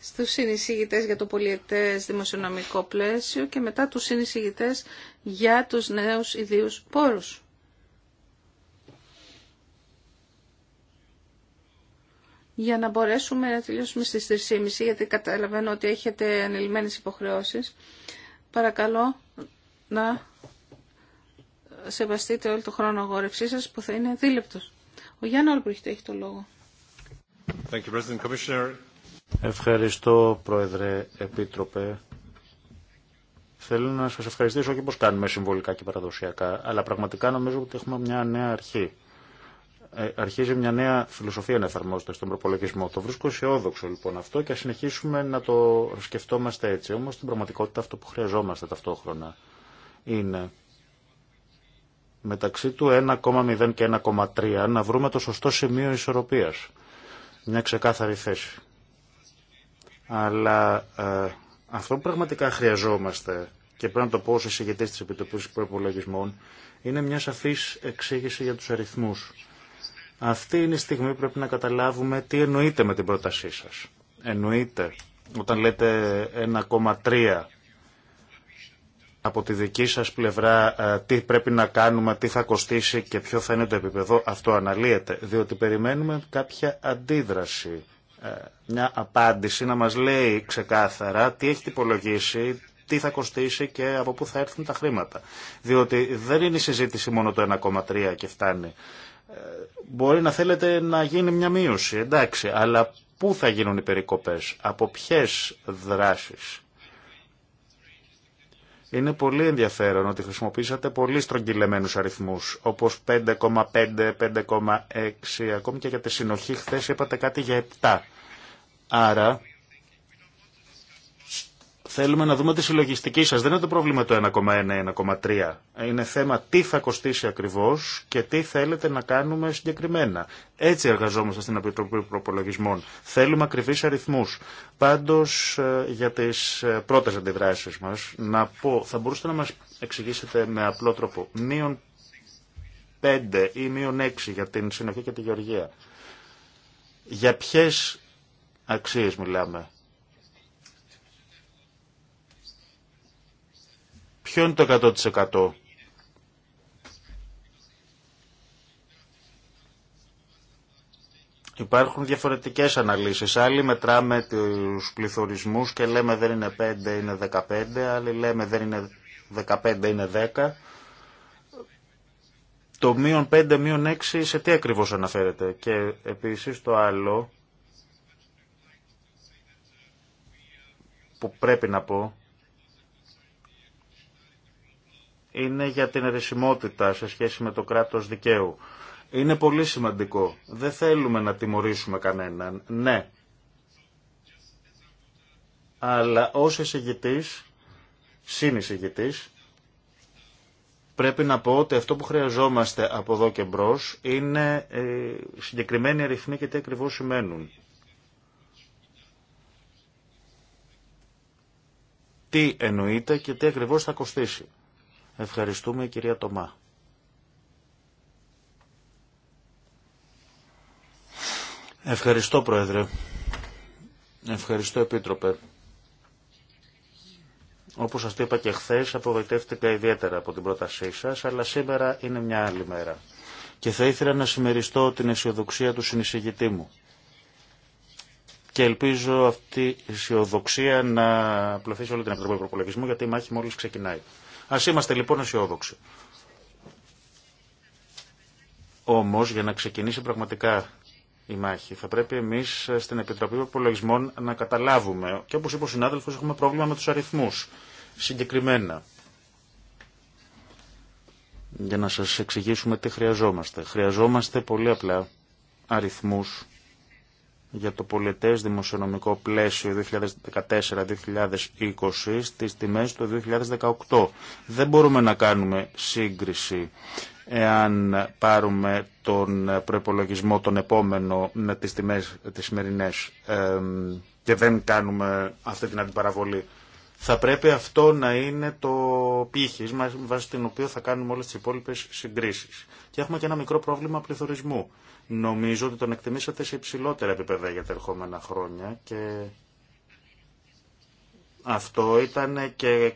στους συνεισηγητές για το πολιετές δημοσιονομικό πλαίσιο και μετά τους συνεισηγητές για τους νέους ιδίους πόρους. Για να μπορέσουμε να τελειώσουμε στις 3.30, γιατί καταλαβαίνω ότι έχετε ανελημμένες υποχρεώσεις, παρακαλώ να σεβαστείτε όλο το χρόνο αγόρευσή σας που θα είναι δίλεπτος. Ο Γιάννη Ολμπριχτ έχει το λόγο. Ευχαριστώ, Πρόεδρε Επίτροπε. Θέλω να σας ευχαριστήσω και πώς κάνουμε συμβολικά και παραδοσιακά, αλλά πραγματικά νομίζω ότι έχουμε μια νέα αρχή. Ε, αρχίζει μια νέα φιλοσοφία να εφαρμόζεται στον προπολογισμό. Το βρίσκω αισιόδοξο λοιπόν αυτό και συνεχίσουμε να το σκεφτόμαστε έτσι. Όμως στην πραγματικότητα αυτό που χρειαζόμαστε ταυτόχρονα είναι μεταξύ του 1,0 και 1,3 να βρούμε το σωστό σημείο ισορροπίας μια ξεκάθαρη θέση. Αλλά ε, αυτό που πραγματικά χρειαζόμαστε και πρέπει να το πω σε εισηγητής της Επιτροπής Προπολογισμών είναι μια σαφής εξήγηση για τους αριθμούς. Αυτή είναι η στιγμή που πρέπει να καταλάβουμε τι εννοείται με την πρότασή σας. Εννοείται όταν λέτε 1,3 από τη δική σας πλευρά ε, τι πρέπει να κάνουμε, τι θα κοστίσει και ποιο θα είναι το επίπεδο, αυτό αναλύεται. Διότι περιμένουμε κάποια αντίδραση, ε, μια απάντηση να μας λέει ξεκάθαρα τι έχει υπολογίσει τι θα κοστίσει και από πού θα έρθουν τα χρήματα. Διότι δεν είναι η συζήτηση μόνο το 1,3 και φτάνει. Ε, μπορεί να θέλετε να γίνει μια μείωση, εντάξει, αλλά πού θα γίνουν οι περικοπές, από ποιες δράσεις είναι πολύ ενδιαφέρον ότι χρησιμοποίησατε πολύ στρογγυλεμένους αριθμούς, όπως 5,5, 5,6, ακόμη και για τη συνοχή χθε είπατε κάτι για 7. Άρα Θέλουμε να δούμε τη συλλογιστική σας. Δεν είναι το πρόβλημα το 1,1-1,3. Είναι θέμα τι θα κοστίσει ακριβώς και τι θέλετε να κάνουμε συγκεκριμένα. Έτσι εργαζόμαστε στην Επιτροπή Προπολογισμών. Θέλουμε ακριβείς αριθμούς. Πάντως ε, για τις ε, πρώτες αντιδράσεις μας να πω, θα μπορούσατε να μας εξηγήσετε με απλό τρόπο. Μείον 5 ή μείον 6 για την συνοχή και τη γεωργία. Για ποιε αξίες μιλάμε Ποιο είναι το 100%? Υπάρχουν διαφορετικές αναλύσεις. Άλλοι μετράμε τους πληθωρισμούς και λέμε δεν είναι 5, είναι 15. Άλλοι λέμε δεν είναι 15, είναι 10. Το μείον 5, μείον 6 σε τι ακριβώς αναφέρεται. Και επίσης το άλλο που πρέπει να πω είναι για την ερεσιμότητα σε σχέση με το κράτος δικαίου. Είναι πολύ σημαντικό. Δεν θέλουμε να τιμωρήσουμε κανέναν. Ναι. Αλλά ως εισηγητής, συνεισηγητής, πρέπει να πω ότι αυτό που χρειαζόμαστε από εδώ και μπρο είναι ε, συγκεκριμένοι αριθμοί και τι ακριβώς σημαίνουν. Τι εννοείται και τι ακριβώς θα κοστίσει. Ευχαριστούμε κυρία Τομά. Ευχαριστώ Πρόεδρε. Ευχαριστώ Επίτροπε. Όπως σας είπα και χθε, απογοητεύτηκα ιδιαίτερα από την πρότασή σας, αλλά σήμερα είναι μια άλλη μέρα. Και θα ήθελα να συμμεριστώ την αισιοδοξία του συνεισηγητή μου. Και ελπίζω αυτή η αισιοδοξία να πλωθεί σε όλη την Επιτροπή Προπολογισμού, γιατί η μάχη μόλις ξεκινάει. Ας είμαστε λοιπόν αισιόδοξοι. Όμως για να ξεκινήσει πραγματικά η μάχη. Θα πρέπει εμεί στην Επιτροπή Προπολογισμών να καταλάβουμε. Και όπω είπε ο συνάδελφο, έχουμε πρόβλημα με του αριθμού. Συγκεκριμένα. Για να σας εξηγήσουμε τι χρειαζόμαστε. Χρειαζόμαστε πολύ απλά αριθμούς για το πολιτές δημοσιονομικό πλαίσιο 2014-2020 στις τιμές του 2018. Δεν μπορούμε να κάνουμε σύγκριση εάν πάρουμε τον προπολογισμό τον επόμενο με τις τιμές τις σημερινές και δεν κάνουμε αυτή την αντιπαραβολή. Θα πρέπει αυτό να είναι το πύχη βάσει την οποία θα κάνουμε όλες τις υπόλοιπες συγκρίσεις. Και έχουμε και ένα μικρό πρόβλημα πληθωρισμού. Νομίζω ότι τον εκτιμήσατε σε υψηλότερα επίπεδα για τα ερχόμενα χρόνια και αυτό ήταν και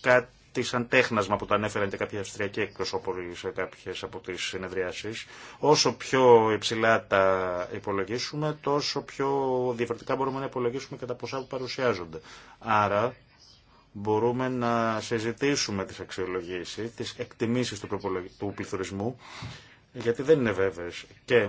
κάτι σαν τέχνασμα που το ανέφεραν και κάποιοι αυστριακοί εκπροσώποι σε κάποιες από τις συνεδριάσεις. Όσο πιο υψηλά τα υπολογίσουμε, τόσο πιο διαφορετικά μπορούμε να υπολογίσουμε και τα ποσά που παρουσιάζονται. Άρα μπορούμε να συζητήσουμε τις αξιολογήσεις, τις εκτιμήσεις του πληθωρισμού γιατί δεν είναι βέβαιες. Και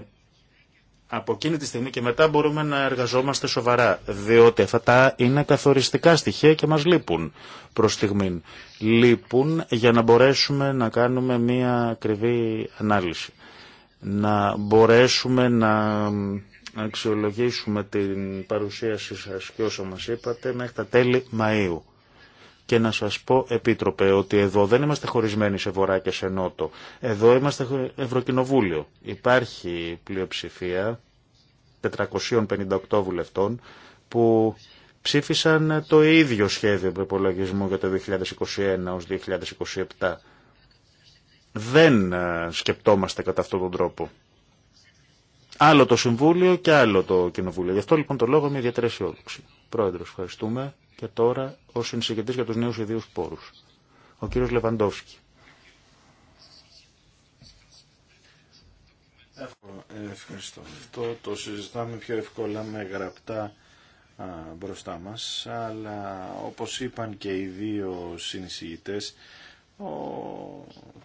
από εκείνη τη στιγμή και μετά μπορούμε να εργαζόμαστε σοβαρά, διότι αυτά είναι καθοριστικά στοιχεία και μας λείπουν προς στιγμήν. Λείπουν για να μπορέσουμε να κάνουμε μία ακριβή ανάλυση, να μπορέσουμε να αξιολογήσουμε την παρουσίαση σας και όσο μας είπατε μέχρι τα τέλη Μαΐου. Και να σας πω, Επίτροπε, ότι εδώ δεν είμαστε χωρισμένοι σε βορρά και σε νότο. Εδώ είμαστε Ευρωκοινοβούλιο. Υπάρχει πλειοψηφία 458 βουλευτών που ψήφισαν το ίδιο σχέδιο προπολογισμού για το 2021 ως 2027. Δεν ε, σκεπτόμαστε κατά αυτόν τον τρόπο. Άλλο το Συμβούλιο και άλλο το Κοινοβούλιο. Γι' αυτό λοιπόν το λόγο είμαι ιδιαίτερη αισιόδοξη. Πρόεδρος, ευχαριστούμε και τώρα ως συνσηγητής για τους νέους ιδίους πόρους. Ο κύριος Λεβαντόφσκι. Ευχαριστώ. Αυτό το συζητάμε πιο εύκολα με γραπτά α, μπροστά μας, αλλά όπως είπαν και οι δύο συνεισηγητές, ο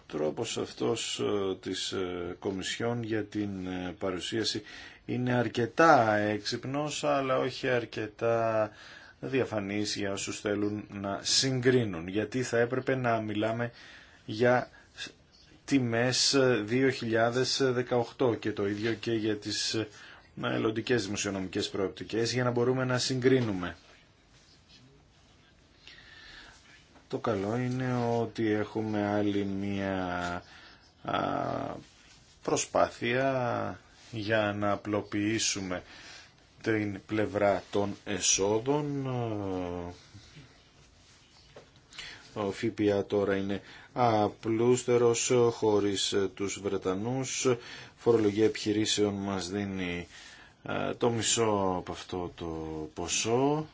τρόπος αυτός της ε, Κομισιόν για την ε, παρουσίαση είναι αρκετά έξυπνος, αλλά όχι αρκετά διαφανής για όσους θέλουν να συγκρίνουν, γιατί θα έπρεπε να μιλάμε για τιμές 2018 και το ίδιο και για τις μελλοντικέ δημοσιονομικές προοπτικές για να μπορούμε να συγκρίνουμε. Το καλό είναι ότι έχουμε άλλη μία προσπάθεια για να απλοποιήσουμε την πλευρά των εσόδων. Ο ΦΠΑ τώρα είναι απλούστερος χωρίς τους Βρετανούς. Φορολογία επιχειρήσεων μας δίνει ε, το μισό από αυτό το ποσό.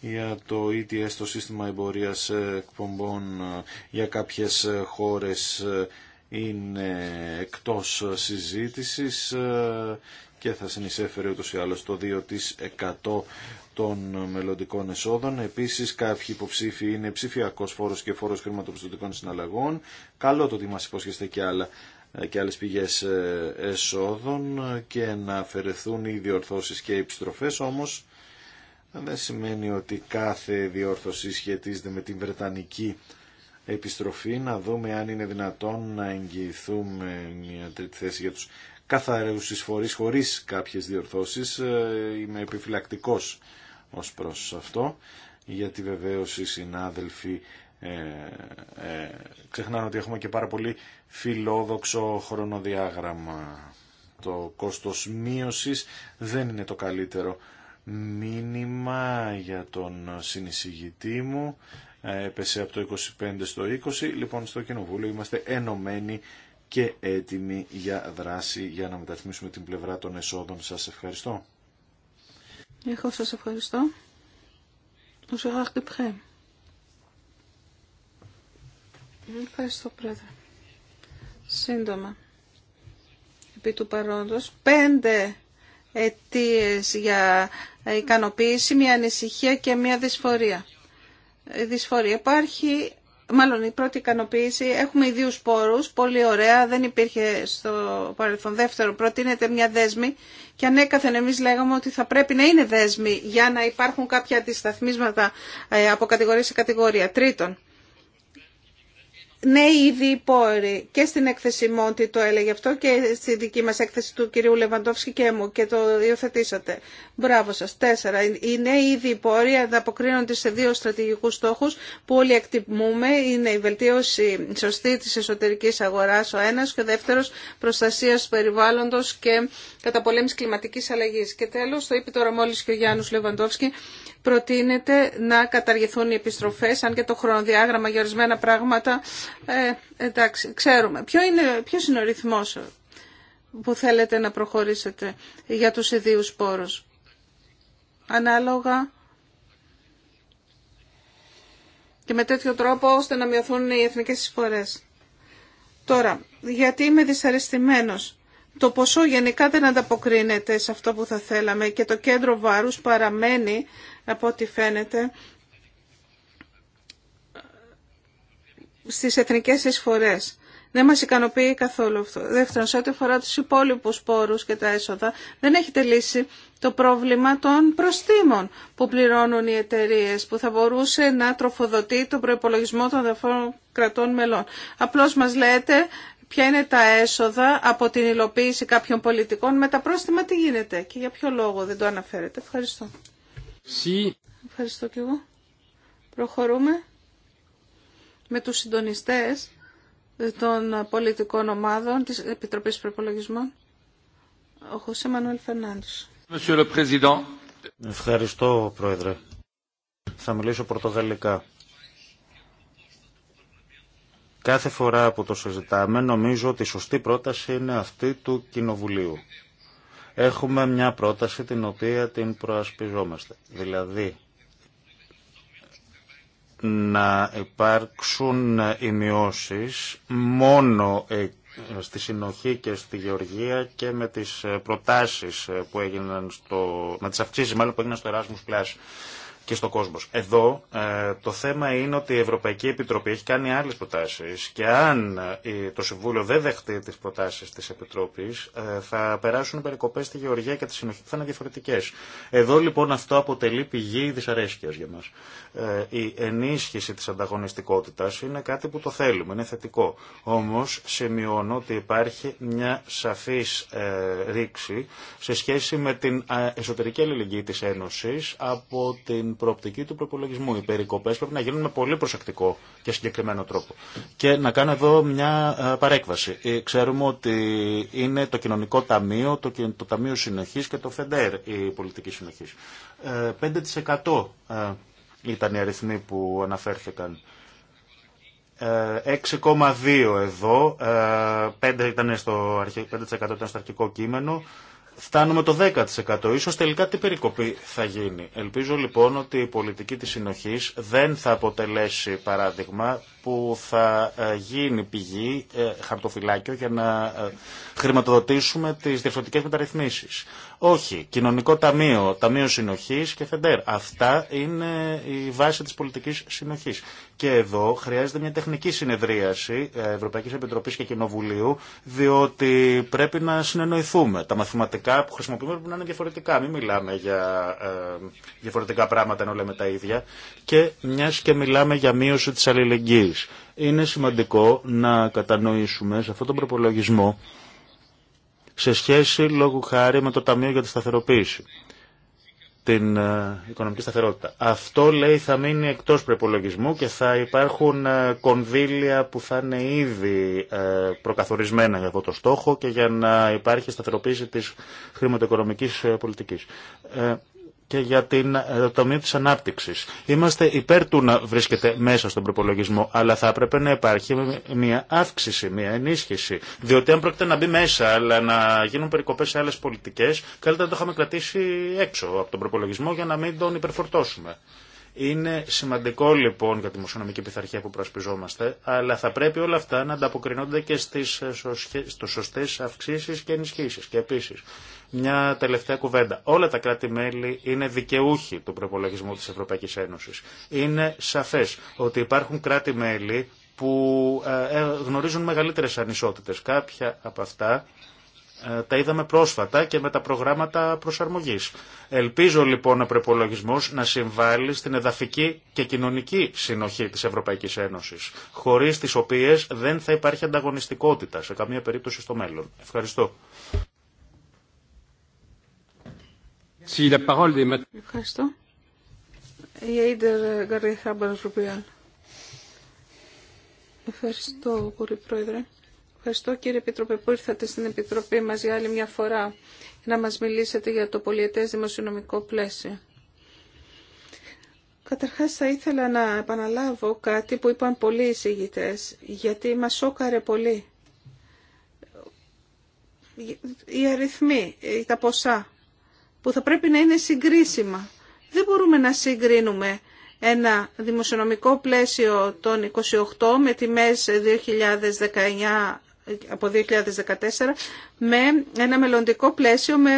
Για το ETS, το σύστημα εμπορίας ε, εκπομπών ε, για κάποιες χώρες είναι εκτός συζήτησης ε, και θα συνεισέφερε ούτως ή άλλως το 2% των μελλοντικών εσόδων. Επίσης κάποιοι υποψήφοι είναι ψηφιακός φόρος και φόρος χρηματοπιστωτικών συναλλαγών. Καλό το ότι μας υπόσχεστε και άλλα ε, και άλλες πηγές ε, εσόδων και να αφαιρεθούν οι διορθώσεις και οι επιστροφές όμως δεν σημαίνει ότι κάθε διορθώση σχετίζεται με την Βρετανική επιστροφή, να δούμε αν είναι δυνατόν να εγγυηθούμε μια τρίτη θέση για τους καθαρούς εισφορείς χωρίς κάποιες διορθώσεις. Ε, είμαι επιφυλακτικός ως προς αυτό, γιατί βεβαίως οι συνάδελφοι ε, ε, ξεχνάνε ότι έχουμε και πάρα πολύ φιλόδοξο χρονοδιάγραμμα. Το κόστος μείωσης δεν είναι το καλύτερο μήνυμα για τον συνεισηγητή μου έπεσε από το 25% στο 20%. Λοιπόν, στο Κοινοβούλιο είμαστε ενωμένοι και έτοιμοι για δράση για να μεταρρυθμίσουμε την πλευρά των εσόδων. Σας ευχαριστώ. Εγώ σας ευχαριστώ. Ο Ευχαριστώ, Πρόεδρε. Σύντομα. Επί του παρόντος, πέντε αιτίες για ικανοποίηση, μια ανησυχία και μια δυσφορία δυσφορία. Υπάρχει, μάλλον η πρώτη ικανοποίηση, έχουμε ιδίου πόρου, πολύ ωραία, δεν υπήρχε στο παρελθόν δεύτερο, προτείνεται μια δέσμη και ανέκαθεν εμείς λέγαμε ότι θα πρέπει να είναι δέσμη για να υπάρχουν κάποια αντισταθμίσματα ε, από κατηγορία σε κατηγορία. Τρίτον, νέοι ήδη πόροι και στην έκθεση Μόντι το έλεγε αυτό και στη δική μας έκθεση του κυρίου Λεβαντόφσκη και μου και το υιοθετήσατε. Μπράβο σας. Τέσσερα. Οι νέοι ήδη πόροι ανταποκρίνονται σε δύο στρατηγικούς στόχους που όλοι εκτιμούμε. Είναι η βελτίωση σωστή της εσωτερικής αγοράς ο ένας και ο δεύτερος προστασία του περιβάλλοντος και καταπολέμηση κλιματικής αλλαγής. Και τέλος, το είπε τώρα μόλις και ο Γιάννους Λεβαντόφσκι, προτείνεται να καταργηθούν οι επιστροφές, αν και το χρονοδιάγραμμα για ορισμένα πράγματα ε, εντάξει, ξέρουμε. Ποιο είναι, ποιος είναι ο ρυθμός που θέλετε να προχωρήσετε για τους ιδίους πόρους. Ανάλογα και με τέτοιο τρόπο ώστε να μειωθούν οι εθνικές εισφορές. Τώρα, γιατί είμαι δυσαρεστημένος. Το ποσό γενικά δεν ανταποκρίνεται σε αυτό που θα θέλαμε και το κέντρο βάρους παραμένει, από ό,τι φαίνεται, στις εθνικές εισφορές. Δεν ναι, μας ικανοποιεί καθόλου αυτό. Δεύτερον, σε ό,τι αφορά τους υπόλοιπους πόρους και τα έσοδα, δεν έχετε λύσει το πρόβλημα των προστήμων που πληρώνουν οι εταιρείε που θα μπορούσε να τροφοδοτεί τον προπολογισμό των δεφών κρατών μελών. Απλώς μας λέτε ποια είναι τα έσοδα από την υλοποίηση κάποιων πολιτικών με τα πρόστιμα τι γίνεται και για ποιο λόγο δεν το αναφέρετε. Ευχαριστώ. Sí. Ευχαριστώ και εγώ. Προχωρούμε με τους συντονιστές των πολιτικών ομάδων της Επιτροπής Προπολογισμών, ο Χωσέ Μανουέλ Φερνάντος. Ευχαριστώ, Πρόεδρε. Θα μιλήσω πρωτογαλλικά. Κάθε φορά που το συζητάμε, νομίζω ότι η σωστή πρόταση είναι αυτή του Κοινοβουλίου. Έχουμε μια πρόταση την οποία την προασπιζόμαστε. Δηλαδή, να υπάρξουν μειώσεις μόνο ε, στη συνοχή και στη γεωργία και με τις προτάσεις που έγιναν στο, με τις αυξήσεις μάλλον που έγιναν στο Erasmus Plus και στο κόσμο. Εδώ ε, το θέμα είναι ότι η Ευρωπαϊκή Επιτροπή έχει κάνει άλλε προτάσει. και αν ε, το Συμβούλιο δεν δεχτεί τις προτάσεις της Επιτροπής ε, θα περάσουν περικοπέ στη Γεωργία και τη συνοχή που θα είναι διαφορετικέ. Εδώ λοιπόν αυτό αποτελεί πηγή δυσαρέσκεια για μας. η ενίσχυση τη ανταγωνιστικότητα είναι κάτι που το θέλουμε, είναι θετικό. Όμω σημειώνω ότι υπάρχει μια σαφής ρήξη σε σχέση με την εσωτερική αλληλεγγύη τη Ένωση από την προοπτική του προπολογισμού. Οι περικοπέ πρέπει να γίνουν με πολύ προσεκτικό και συγκεκριμένο τρόπο. Και να κάνω εδώ μια ε, παρέκβαση. Ε, ξέρουμε ότι είναι το Κοινωνικό Ταμείο, το, το Ταμείο Συνοχή και το ΦΕΝΤΕΡ η πολιτική συνοχή. 5% ε, ήταν οι αριθμοί που αναφέρθηκαν. 6,2 εδώ, 5% ήταν στο, 5 ήταν στο αρχικό κείμενο, φτάνουμε το 10%. Ίσως τελικά τι περικοπή θα γίνει. Ελπίζω λοιπόν ότι η πολιτική της συνοχής δεν θα αποτελέσει παράδειγμα που θα ε, γίνει πηγή, ε, χαρτοφυλάκιο για να ε, χρηματοδοτήσουμε τις διευθυντικές μεταρρυθμίσεις. Όχι, κοινωνικό ταμείο, ταμείο συνοχής και φεντέρ. Αυτά είναι η βάση της πολιτικής συνοχής. Και εδώ χρειάζεται μια τεχνική συνεδρίαση Ευρωπαϊκής Επιτροπής και Κοινοβουλίου, διότι πρέπει να συνεννοηθούμε. Τα μαθηματικά χαρακτηριστικά που χρησιμοποιούμε πρέπει να είναι διαφορετικά. Μην μιλάμε για ε, διαφορετικά πράγματα ενώ λέμε τα ίδια. Και μια και μιλάμε για μείωση τη αλληλεγγύη. Είναι σημαντικό να κατανοήσουμε σε αυτόν τον προπολογισμό σε σχέση λόγου χάρη με το Ταμείο για τη Σταθεροποίηση την ε, οικονομική σταθερότητα. Αυτό λέει θα μείνει εκτός προπολογισμού και θα υπάρχουν ε, κονδύλια που θα είναι ήδη ε, προκαθορισμένα για αυτό το στόχο και για να υπάρχει σταθεροποίηση της χρηματοοικονομικής πολιτικής και για την τομή της ανάπτυξης. Είμαστε υπέρ του να βρίσκεται μέσα στον προπολογισμό, αλλά θα έπρεπε να υπάρχει μια αύξηση, μια ενίσχυση. Διότι αν πρόκειται να μπει μέσα, αλλά να γίνουν περικοπές σε άλλες πολιτικές, καλύτερα να το είχαμε κρατήσει έξω από τον προπολογισμό για να μην τον υπερφορτώσουμε. Είναι σημαντικό λοιπόν για τη μουσονομική πειθαρχία που προσπιζόμαστε αλλά θα πρέπει όλα αυτά να ανταποκρινόνται και στις σωστές αυξήσεις και ενισχύσεις. Και επίσης, μια τελευταία κουβέντα. Όλα τα κράτη-μέλη είναι δικαιούχοι του προπολογισμού της Ευρωπαϊκής Ένωσης. Είναι σαφές ότι υπάρχουν κράτη-μέλη που ε, ε, γνωρίζουν μεγαλύτερες ανισότητες. Κάποια από αυτά ε, τα είδαμε πρόσφατα και με τα προγράμματα προσαρμογής. Ελπίζω λοιπόν ο προπολογισμό να συμβάλλει στην εδαφική και κοινωνική συνοχή της Ευρωπαϊκής Ένωσης, χωρίς τις οποίες δεν θα υπάρχει ανταγωνιστικότητα σε καμία περίπτωση στο μέλλον. Ευχαριστώ. Ευχαριστώ. Η Ευχαριστώ κύριε Πρόεδρε. Ευχαριστώ κύριε Επιτροπέ που ήρθατε στην Επιτροπή μα για άλλη μια φορά να μας μιλήσετε για το πολιετές δημοσιονομικό πλαίσιο. Καταρχάς θα ήθελα να επαναλάβω κάτι που είπαν πολλοί εισηγητές, γιατί μας σώκαρε πολύ. Οι αριθμοί, τα ποσά που θα πρέπει να είναι συγκρίσιμα. Δεν μπορούμε να συγκρίνουμε ένα δημοσιονομικό πλαίσιο των 28 με τιμές 2019 από 2014 με ένα μελλοντικό πλαίσιο με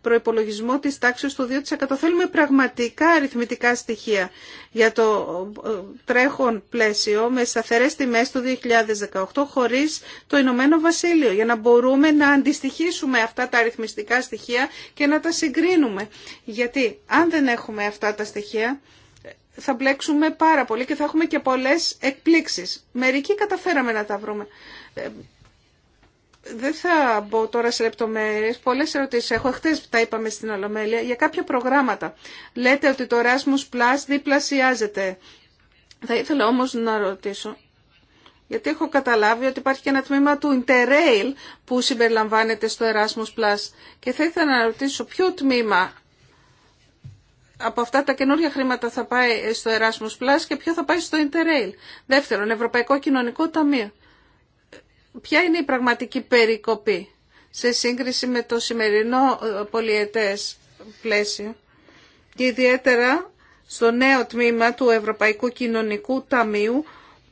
προϋπολογισμό της τάξης του 2%. Θέλουμε πραγματικά αριθμητικά στοιχεία για το ε, τρέχον πλαίσιο με σταθερές τιμές του 2018 χωρίς το Ηνωμένο Βασίλειο για να μπορούμε να αντιστοιχίσουμε αυτά τα αριθμιστικά στοιχεία και να τα συγκρίνουμε. Γιατί αν δεν έχουμε αυτά τα στοιχεία θα μπλέξουμε πάρα πολύ και θα έχουμε και πολλές εκπλήξεις. Μερικοί καταφέραμε να τα βρούμε. Ε, δεν θα μπω τώρα σε λεπτομέρειε. Πολλέ ερωτήσει έχω. Χθε τα είπαμε στην Ολομέλεια για κάποια προγράμματα. Λέτε ότι το Erasmus Plus διπλασιάζεται. Θα ήθελα όμω να ρωτήσω. Γιατί έχω καταλάβει ότι υπάρχει και ένα τμήμα του Interrail που συμπεριλαμβάνεται στο Erasmus Plus. Και θα ήθελα να ρωτήσω ποιο τμήμα από αυτά τα καινούργια χρήματα θα πάει στο Erasmus Plus και ποιο θα πάει στο Interrail. Δεύτερον, Ευρωπαϊκό Κοινωνικό Ταμείο. Ποια είναι η πραγματική περικοπή σε σύγκριση με το σημερινό ε, πολιετές πλαίσιο και ιδιαίτερα στο νέο τμήμα του Ευρωπαϊκού Κοινωνικού Ταμείου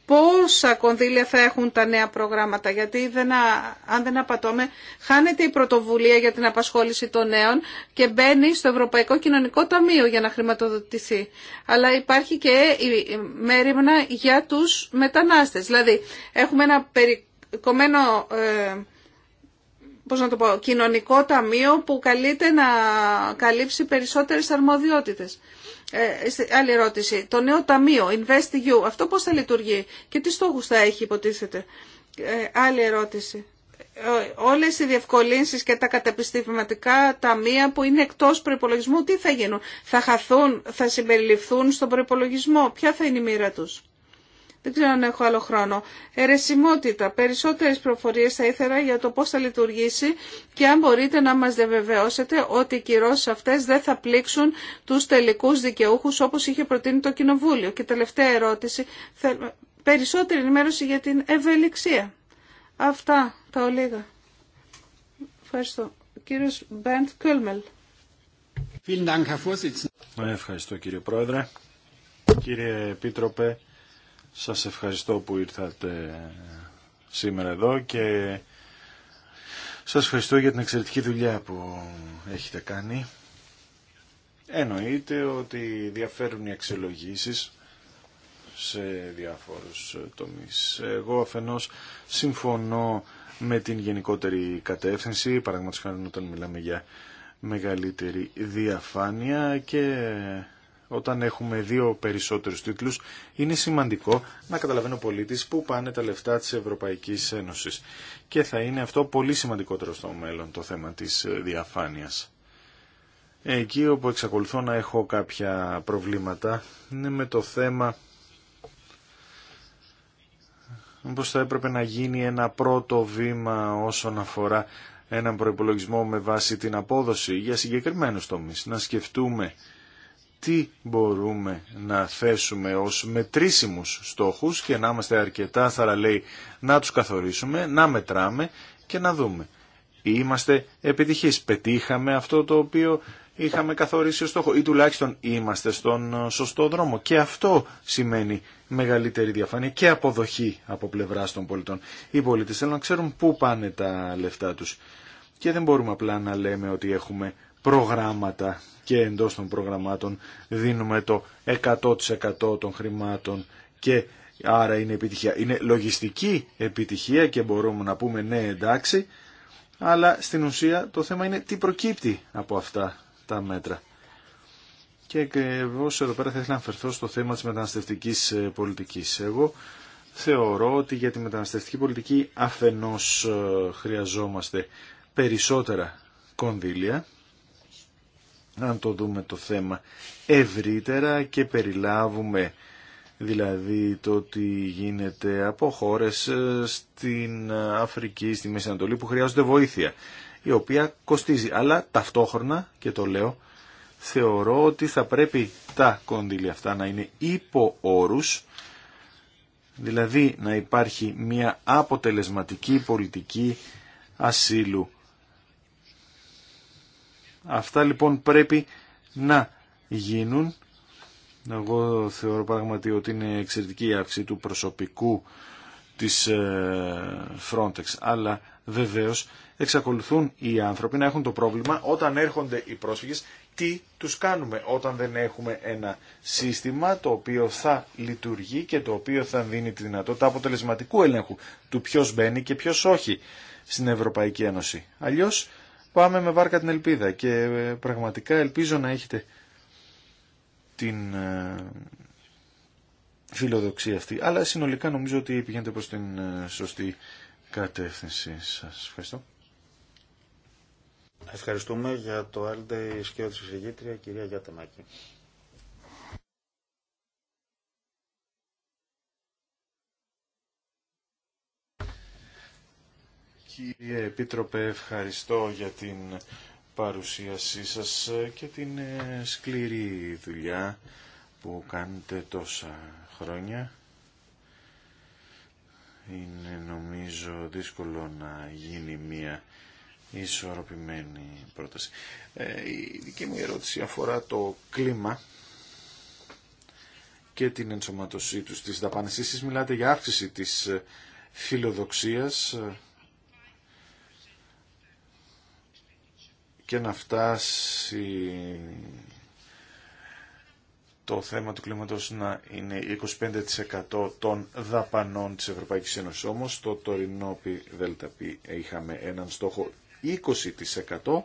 πόσα κονδύλια θα έχουν τα νέα προγράμματα. Γιατί δεν, αν δεν απατώμε, χάνεται η πρωτοβουλία για την απασχόληση των νέων και μπαίνει στο Ευρωπαϊκό Κοινωνικό Ταμείο για να χρηματοδοτηθεί. Αλλά υπάρχει και η μέρημνα για τους μετανάστες. Δηλαδή, έχουμε ένα περι κομμένο ε, πώς να το πω, κοινωνικό ταμείο που καλείται να καλύψει περισσότερες αρμοδιότητες. Ε, άλλη ερώτηση. Το νέο ταμείο, InvestEU, αυτό πώς θα λειτουργεί και τι στόχους θα έχει υποτίθεται. Ε, άλλη ερώτηση. Ε, όλες οι διευκολύνσεις και τα καταπιστευματικά ταμεία που είναι εκτός προϋπολογισμού, τι θα γίνουν. Θα χαθούν, θα συμπεριληφθούν στον προϋπολογισμό. Ποια θα είναι η μοίρα τους. Δεν ξέρω αν έχω άλλο χρόνο. Ερεσιμότητα. Περισσότερες προφορίες θα ήθελα για το πώς θα λειτουργήσει και αν μπορείτε να μας διαβεβαιώσετε ότι οι κυρώσει αυτές δεν θα πλήξουν τους τελικούς δικαιούχου όπως είχε προτείνει το Κοινοβούλιο. Και τελευταία ερώτηση. Περισσότερη ενημέρωση για την ευελιξία. Αυτά τα ολίγα. Ευχαριστώ. κύριο Μπέντ Κούλμελ. Ευχαριστώ κύριε Πρόεδρε. Κύριε Επίτροπε, σας ευχαριστώ που ήρθατε σήμερα εδώ και σας ευχαριστώ για την εξαιρετική δουλειά που έχετε κάνει. Εννοείται ότι διαφέρουν οι αξιολογήσεις σε διάφορους τομείς. Εγώ αφενός συμφωνώ με την γενικότερη κατεύθυνση, παραδείγματος χάρη όταν μιλάμε για μεγαλύτερη διαφάνεια και όταν έχουμε δύο περισσότερους τίτλους, είναι σημαντικό να καταλαβαίνω πολίτης που πάνε τα λεφτά της Ευρωπαϊκής Ένωσης. Και θα είναι αυτό πολύ σημαντικότερο στο μέλλον το θέμα της ε, διαφάνειας. Εκεί όπου εξακολουθώ να έχω κάποια προβλήματα είναι με το θέμα πως θα έπρεπε να γίνει ένα πρώτο βήμα όσον αφορά έναν προϋπολογισμό με βάση την απόδοση για συγκεκριμένους τομείς. Να σκεφτούμε τι μπορούμε να θέσουμε ως μετρήσιμους στόχους και να είμαστε αρκετά θαραλέοι να τους καθορίσουμε, να μετράμε και να δούμε. Είμαστε επιτυχείς, πετύχαμε αυτό το οποίο είχαμε καθορίσει ως στόχο ή τουλάχιστον είμαστε στον ε, σωστό δρόμο και αυτό σημαίνει μεγαλύτερη διαφάνεια και αποδοχή από πλευρά των πολιτών. Οι πολίτες θέλουν να ξέρουν πού πάνε τα λεφτά τους και δεν μπορούμε απλά να λέμε ότι έχουμε προγράμματα και εντός των προγραμμάτων δίνουμε το 100% των χρημάτων και άρα είναι επιτυχία. Είναι λογιστική επιτυχία και μπορούμε να πούμε ναι εντάξει, αλλά στην ουσία το θέμα είναι τι προκύπτει από αυτά τα μέτρα. Και εγώ εδώ πέρα θα ήθελα να αφαιρθώ στο θέμα της μεταναστευτικής ε, πολιτικής. Εγώ θεωρώ ότι για τη μεταναστευτική πολιτική αφενός ε, χρειαζόμαστε περισσότερα κονδύλια αν το δούμε το θέμα ευρύτερα και περιλάβουμε δηλαδή το ότι γίνεται από χώρες ε, στην Αφρική, στη Μέση Ανατολή που χρειάζονται βοήθεια, η οποία κοστίζει. Αλλά ταυτόχρονα, και το λέω, θεωρώ ότι θα πρέπει τα κονδύλια αυτά να είναι υπό όρους, δηλαδή να υπάρχει μια αποτελεσματική πολιτική ασύλου Αυτά λοιπόν πρέπει να γίνουν. Εγώ θεωρώ πράγματι ότι είναι εξαιρετική η αύξηση του προσωπικού της ε, Frontex. Αλλά βεβαίως εξακολουθούν οι άνθρωποι να έχουν το πρόβλημα όταν έρχονται οι πρόσφυγες τι τους κάνουμε όταν δεν έχουμε ένα σύστημα το οποίο θα λειτουργεί και το οποίο θα δίνει τη δυνατότητα αποτελεσματικού ελέγχου του ποιος μπαίνει και ποιος όχι στην Ευρωπαϊκή Ένωση. Αλλιώς πάμε με βάρκα την ελπίδα και ε, πραγματικά ελπίζω να έχετε την ε, φιλοδοξία αυτή. Αλλά συνολικά νομίζω ότι πηγαίνετε προς την ε, σωστή κατεύθυνση. Σας ευχαριστώ. Ευχαριστούμε για το Άλντε η συζητήτρια, κυρία Γιάτεμάκη. Κύριε Επίτροπε, ευχαριστώ για την παρουσίασή σας και την ε, σκληρή δουλειά που κάνετε τόσα χρόνια. Είναι νομίζω δύσκολο να γίνει μία ισορροπημένη πρόταση. Ε, η δική μου ερώτηση αφορά το κλίμα και την ενσωματωσή του της δαπάνες. Εσείς μιλάτε για αύξηση της φιλοδοξίας και να φτάσει το θέμα του κλίματος να είναι 25% των δαπανών της Ευρωπαϊκής Ένωσης. Όμως το τωρινό πι είχαμε έναν στόχο 20%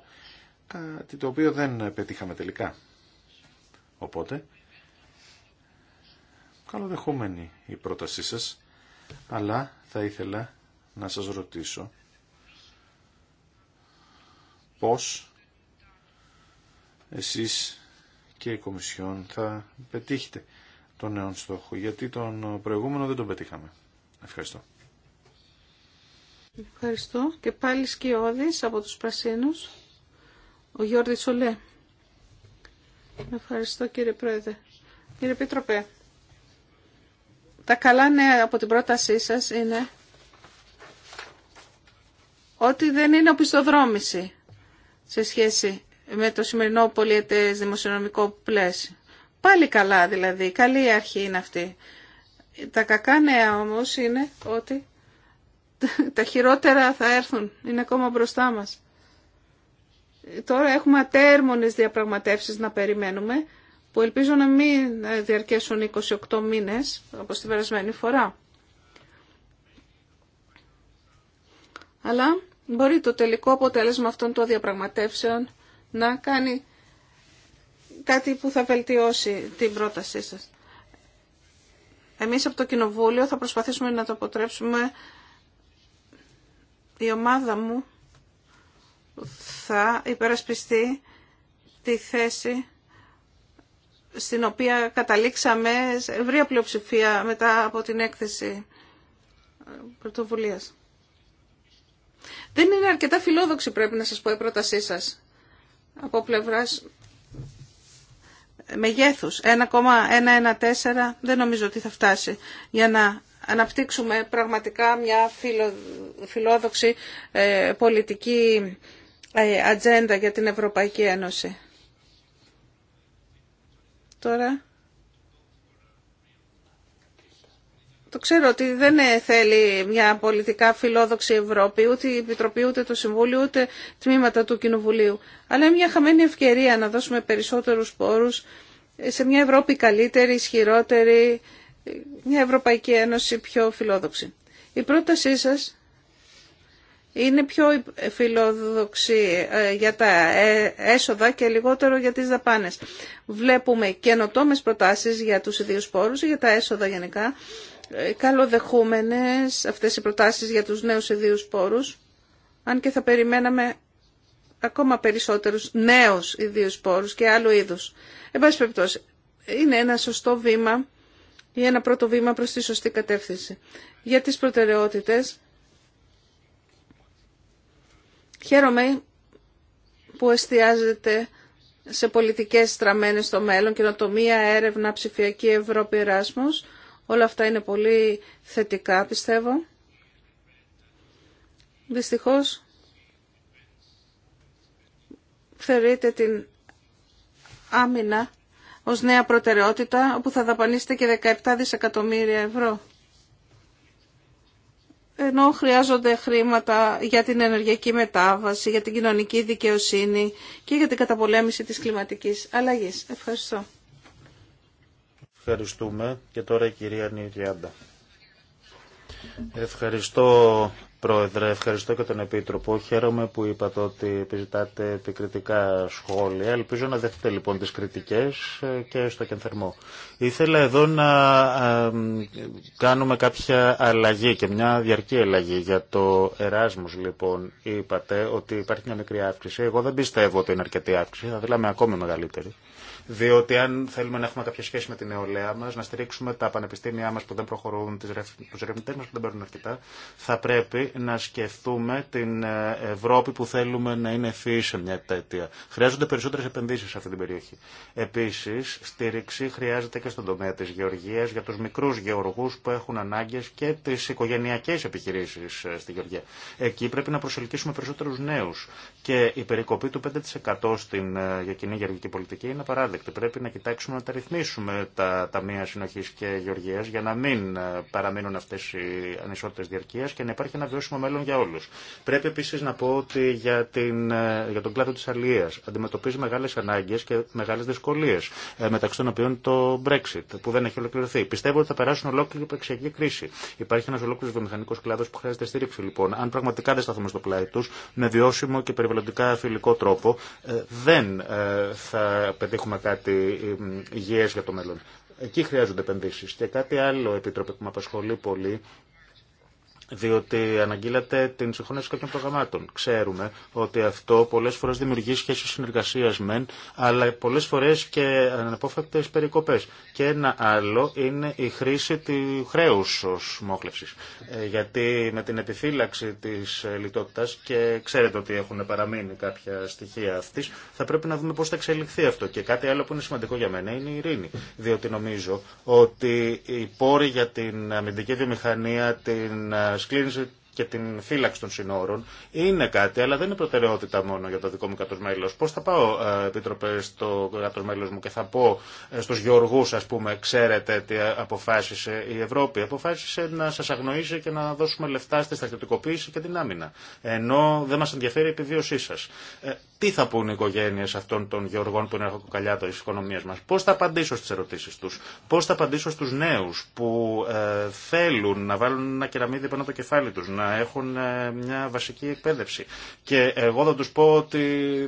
κάτι το οποίο δεν πετύχαμε τελικά. Οπότε, καλοδεχόμενη η πρότασή σας, αλλά θα ήθελα να σας ρωτήσω πώς εσείς και η Κομισιόν θα πετύχετε τον νέο στόχο, γιατί τον προηγούμενο δεν τον πετύχαμε. Ευχαριστώ. Ευχαριστώ. Και πάλι σκιώδης από τους Πρασίνους, ο Γιώργη Σολέ. Ευχαριστώ κύριε Πρόεδρε. Κύριε Πίτροπε, τα καλά νέα από την πρότασή σας είναι ότι δεν είναι οπισθοδρόμηση σε σχέση με το σημερινό πολιετές δημοσιονομικό πλαίσιο. Πάλι καλά δηλαδή, καλή αρχή είναι αυτή. Τα κακά νέα όμως είναι ότι τα χειρότερα θα έρθουν, είναι ακόμα μπροστά μας. Τώρα έχουμε ατέρμονες διαπραγματεύσεις να περιμένουμε, που ελπίζω να μην διαρκέσουν 28 μήνες, όπως την περασμένη φορά. Αλλά μπορεί το τελικό αποτέλεσμα αυτών των διαπραγματεύσεων να κάνει κάτι που θα βελτιώσει την πρότασή σας. Εμείς από το Κοινοβούλιο θα προσπαθήσουμε να το αποτρέψουμε. Η ομάδα μου θα υπερασπιστεί τη θέση στην οποία καταλήξαμε σε ευρία πλειοψηφία μετά από την έκθεση πρωτοβουλίας. Δεν είναι αρκετά φιλόδοξη πρέπει να σας πω η πρότασή σας από πλευράς μεγέθους 1,114 δεν νομίζω ότι θα φτάσει για να αναπτύξουμε πραγματικά μια φιλο, φιλόδοξη ε, πολιτική ε, ατζέντα για την Ευρωπαϊκή Ένωση. Τώρα Το ξέρω ότι δεν θέλει μια πολιτικά φιλόδοξη Ευρώπη, ούτε η Επιτροπή, ούτε το Συμβούλιο, ούτε τμήματα του Κοινοβουλίου. Αλλά είναι μια χαμένη ευκαιρία να δώσουμε περισσότερους πόρους σε μια Ευρώπη καλύτερη, ισχυρότερη, μια Ευρωπαϊκή Ένωση πιο φιλόδοξη. Η πρότασή σας είναι πιο φιλόδοξη ε, για τα ε, έσοδα και λιγότερο για τις δαπάνες. Βλέπουμε καινοτόμε προτάσεις για τους ιδίους πόρους, για τα έσοδα γενικά, ε, καλοδεχούμενες αυτές οι προτάσεις για τους νέους ιδίους πόρους, αν και θα περιμέναμε ακόμα περισσότερους νέους ιδίους πόρους και άλλου είδους. Εν πάση περιπτώσει, είναι ένα σωστό βήμα ή ένα πρώτο βήμα προς τη σωστή κατεύθυνση. Για τις προτεραιότητες, χαίρομαι που εστιάζεται σε πολιτικές στραμμένες στο μέλλον, καινοτομία, έρευνα, ψηφιακή Ευρώπη, Εράσμος, Όλα αυτά είναι πολύ θετικά πιστεύω. Δυστυχώς θεωρείται την άμυνα ως νέα προτεραιότητα όπου θα δαπανίσετε και 17 δισεκατομμύρια ευρώ. Ενώ χρειάζονται χρήματα για την ενεργειακή μετάβαση, για την κοινωνική δικαιοσύνη και για την καταπολέμηση της κλιματικής αλλαγής. Ευχαριστώ. Ευχαριστούμε. Και τώρα η κυρία Νιριάντα. Ευχαριστώ Πρόεδρε, ευχαριστώ και τον Επίτροπο. Χαίρομαι που είπατε ότι επιζητάτε επικριτικά σχόλια. Ελπίζω να δεχτείτε λοιπόν τις κριτικές και στο κενθερμό. Ήθελα εδώ να κάνουμε κάποια αλλαγή και μια διαρκή αλλαγή για το Εράσμος λοιπόν. Είπατε ότι υπάρχει μια μικρή αύξηση. Εγώ δεν πιστεύω ότι είναι αρκετή αύξηση, θα θέλαμε ακόμη μεγαλύτερη. Διότι αν θέλουμε να έχουμε κάποια σχέση με την νεολαία μα, να στηρίξουμε τα πανεπιστήμια μα που δεν προχωρούν, του ερευνητέ μα που δεν παίρνουν αρκετά, θα πρέπει να σκεφτούμε την ε, Ευρώπη που θέλουμε να είναι ευφυή σε μια τέτοια. Χρειάζονται περισσότερε επενδύσει σε αυτή την περιοχή. Επίση, στήριξη χρειάζεται και στον τομέα τη γεωργία για του μικρού γεωργού που έχουν ανάγκε και τι οικογενειακέ επιχειρήσει ε, στη Γεωργία. Εκεί πρέπει να προσελκύσουμε περισσότερου νέου. Και η περικοπή του 5% στην ε, κοινή γεωργική πολιτική είναι παράδειγμα. Και Πρέπει να κοιτάξουμε να τα ρυθμίσουμε τα ταμεία συνοχής και γεωργίας για να μην ε, παραμείνουν αυτές οι ανισότητες διαρκείας και να υπάρχει ένα βιώσιμο μέλλον για όλους. Πρέπει επίσης να πω ότι για, την, ε, για τον κλάδο της αλληλείας αντιμετωπίζει μεγάλες ανάγκες και μεγάλες δυσκολίες ε, μεταξύ των οποίων το Brexit που δεν έχει ολοκληρωθεί. Πιστεύω ότι θα περάσουν ολόκληρη υπεξιακή κρίση. Υπάρχει ένας ολόκληρος βιομηχανικός κλάδος που χρειάζεται στήριξη λοιπόν. Αν πραγματικά δεν σταθούμε στο πλάι τους με βιώσιμο και περιβαλλοντικά φιλικό τρόπο δεν θα πετύχουμε κάτι υγιές για το μέλλον. Εκεί χρειάζονται επενδύσει. Και κάτι άλλο, Επίτροπε, που με απασχολεί πολύ διότι αναγγείλατε την συγχώνευση κάποιων προγραμμάτων. Ξέρουμε ότι αυτό πολλέ φορέ δημιουργεί σχέσει συνεργασία μεν, αλλά πολλέ φορέ και αναπόφευκτε περικοπέ. Και ένα άλλο είναι η χρήση του χρέου ω μόχλευση. Ε, γιατί με την επιφύλαξη τη ε, λιτότητα, και ξέρετε ότι έχουν παραμείνει κάποια στοιχεία αυτή, θα πρέπει να δούμε πώ θα εξελιχθεί αυτό. Και κάτι άλλο που είναι σημαντικό για μένα είναι η ειρήνη. Διότι νομίζω ότι οι πόροι για την αμυντική βιομηχανία, την ε, κλείνει και την φύλαξη των συνόρων είναι κάτι, αλλά δεν είναι προτεραιότητα μόνο για το δικό μου κράτο μέλο. Πώ θα πάω, ε, Επίτροπε, στο κράτο μέλο μου και θα πω ε, στου γεωργού, α πούμε, ξέρετε τι αποφάσισε η Ευρώπη. Αποφάσισε να σα αγνοήσει και να δώσουμε λεφτά στη στρατιωτικοποίηση και την άμυνα. Ενώ δεν μα ενδιαφέρει η επιβίωσή σα. Ε, τι θα πούν οι οικογένειε αυτών των γεωργών που είναι αρχοκοκαλιά τη οικονομία μα. Πώ θα απαντήσω στι ερωτήσει του. Πώ θα απαντήσω στου νέου που ε, θέλουν να βάλουν ένα κεραμίδι πάνω από το κεφάλι του, να να έχουν ε, μια βασική εκπαίδευση. Και εγώ θα τους πω ότι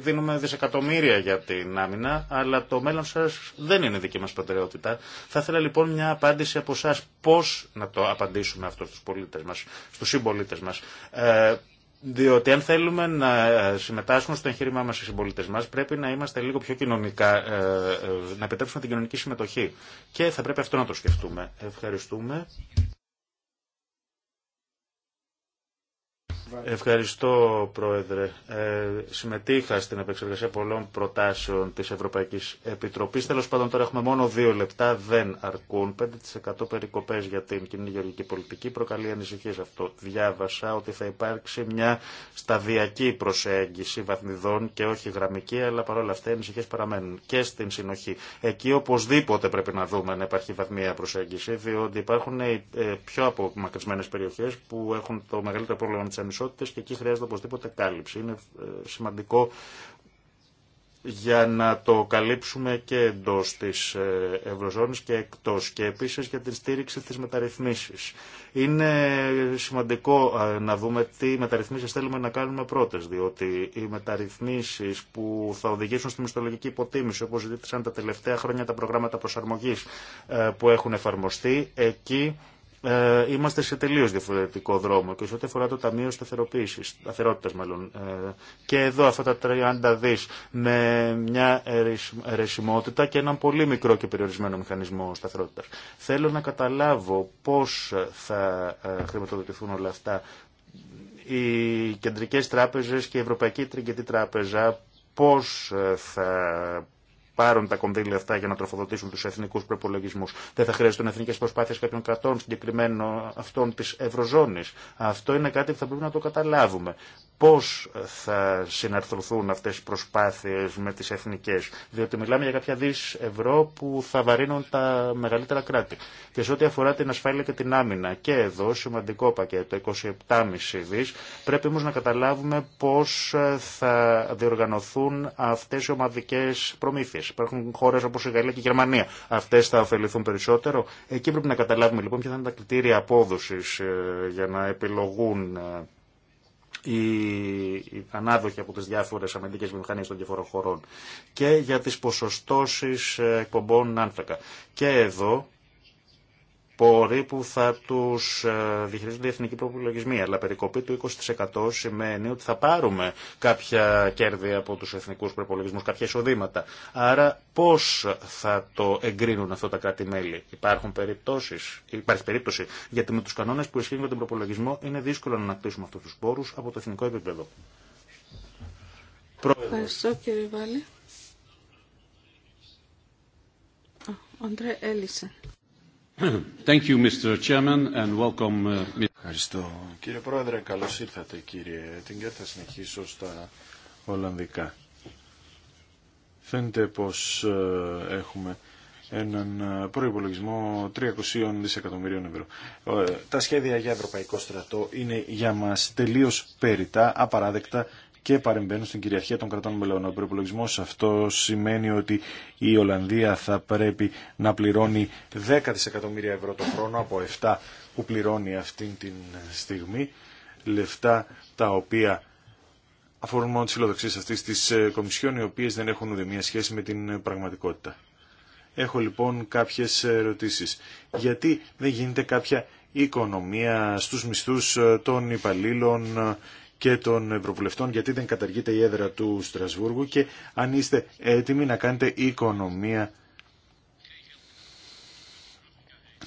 δίνουμε δισεκατομμύρια για την άμυνα, αλλά το μέλλον σας δεν είναι δική μας προτεραιότητα. Θα ήθελα λοιπόν μια απάντηση από εσά πώς να το απαντήσουμε αυτό στους πολίτες μας, στους συμπολίτες μας. Ε, διότι αν θέλουμε να ε, συμμετάσχουν στο εγχείρημά μας οι συμπολίτε μας, πρέπει να είμαστε λίγο πιο κοινωνικά, να επιτρέψουμε την κοινωνική συμμετοχή. Και θα πρέπει αυτό να το σκεφτούμε. Ευχαριστούμε. Ευχαριστώ, Πρόεδρε. Ε, συμμετείχα στην επεξεργασία πολλών προτάσεων της Ευρωπαϊκής Επιτροπής. Τέλος πάντων, τώρα έχουμε μόνο δύο λεπτά, δεν αρκούν. 5% περικοπές για την κοινή γεωργική πολιτική προκαλεί ανησυχίες αυτό. Διάβασα ότι θα υπάρξει μια σταδιακή προσέγγιση βαθμιδών και όχι γραμμική, αλλά παρόλα αυτά οι ανησυχίες παραμένουν και στην συνοχή. Εκεί οπωσδήποτε πρέπει να δούμε να υπάρχει βαθμία προσέγγιση, διότι υπάρχουν οι ε, ε, πιο απομακρυσμένε περιοχές που έχουν το μεγαλύτερο πρόβλημα της και εκεί χρειάζεται οπωσδήποτε κάλυψη. Είναι ε, σημαντικό για να το καλύψουμε και εντό τη ε, Ευρωζώνης και εκτός και επίσης για την στήριξη της μεταρρυθμίσης. Είναι σημαντικό ε, να δούμε τι μεταρρυθμίσεις θέλουμε να κάνουμε πρώτες, διότι οι μεταρρυθμίσεις που θα οδηγήσουν στη μισθολογική υποτίμηση, όπως ζήτησαν τα τελευταία χρόνια τα προγράμματα προσαρμογής που έχουν εφαρμοστεί, εκεί ε, είμαστε σε τελείω διαφορετικό δρόμο και σε ό,τι αφορά το Ταμείο Σταθερότητα, μάλλον. Ε, και εδώ αυτά τα 30 δι με μια αιρεσιμότητα και έναν πολύ μικρό και περιορισμένο μηχανισμό σταθερότητα. Θέλω να καταλάβω πώ θα ε, χρηματοδοτηθούν όλα αυτά οι κεντρικές τράπεζες και η Ευρωπαϊκή Τριγκετή Τράπεζα πώς θα πάρουν τα κονδύλια αυτά για να τροφοδοτήσουν του εθνικού προπολογισμού. Δεν θα χρειάζονται εθνικέ προσπάθειε κάποιων κρατών, συγκεκριμένων αυτών τη Ευρωζώνη. Αυτό είναι κάτι που θα πρέπει να το καταλάβουμε πώς θα συναρθρωθούν αυτές οι προσπάθειες με τις εθνικές, διότι μιλάμε για κάποια δις ευρώ που θα βαρύνουν τα μεγαλύτερα κράτη. Και σε ό,τι αφορά την ασφάλεια και την άμυνα, και εδώ σημαντικό πακέτο, 27,5 δις, πρέπει όμως να καταλάβουμε πώς ε, θα διοργανωθούν αυτές οι ομαδικές προμήθειες. Υπάρχουν χώρες όπως η Γαλλία και η Γερμανία. Αυτές θα ωφεληθούν περισσότερο. Εκεί πρέπει να καταλάβουμε λοιπόν ποια θα είναι τα κριτήρια απόδοσης ε, για να επιλογούν ε, οι ανάδοχοι από τις διάφορες αμυντικές βιομηχανίες των διαφορών χωρών και για τις ποσοστώσεις ε, εκπομπών άνθρακα. Και εδώ πόροι που θα του ε, διαχειρίζονται οι εθνικοί προπολογισμοί. Αλλά περικοπή του 20% σημαίνει ότι θα πάρουμε κάποια κέρδη από του εθνικού προπολογισμού, κάποια εισοδήματα. Άρα πώ θα το εγκρίνουν αυτό τα κράτη-μέλη. Υπάρχουν περιπτώσει, υπάρχει περίπτωση, γιατί με του κανόνε που ισχύουν για τον προπολογισμό είναι δύσκολο να ανακτήσουμε αυτού του πόρου από το εθνικό επίπεδο. Ευχαριστώ κύριε Βάλη. Ο Αντρέ Uh, Ευχαριστώ. Κύριε Πρόεδρε, καλώς ήρθατε κύριε Έτιγκερ. Θα συνεχίσω στα Ολλανδικά. Φαίνεται πως ε, έχουμε έναν ε, προϋπολογισμό 300 δισεκατομμυρίων ευρώ. Ε, τα σχέδια για Ευρωπαϊκό Στρατό είναι για μας τελείως περιτά, απαράδεκτα και παρεμβαίνουν στην κυριαρχία των κρατών μελών. Ο προπολογισμό αυτό σημαίνει ότι η Ολλανδία θα πρέπει να πληρώνει 10 δισεκατομμύρια ευρώ το χρόνο από 7 που πληρώνει αυτή τη στιγμή. Λεφτά τα οποία αφορούν μόνο τι φιλοδοξίε αυτή τη ε, Κομισιόν, οι οποίε δεν έχουν ούτε μία σχέση με την πραγματικότητα. Έχω λοιπόν κάποιε ερωτήσει. Γιατί δεν γίνεται κάποια οικονομία στους μισθούς ε, των υπαλλήλων ε, και των Ευρωβουλευτών γιατί δεν καταργείται η έδρα του Στρασβούργου και αν είστε έτοιμοι να κάνετε οικονομία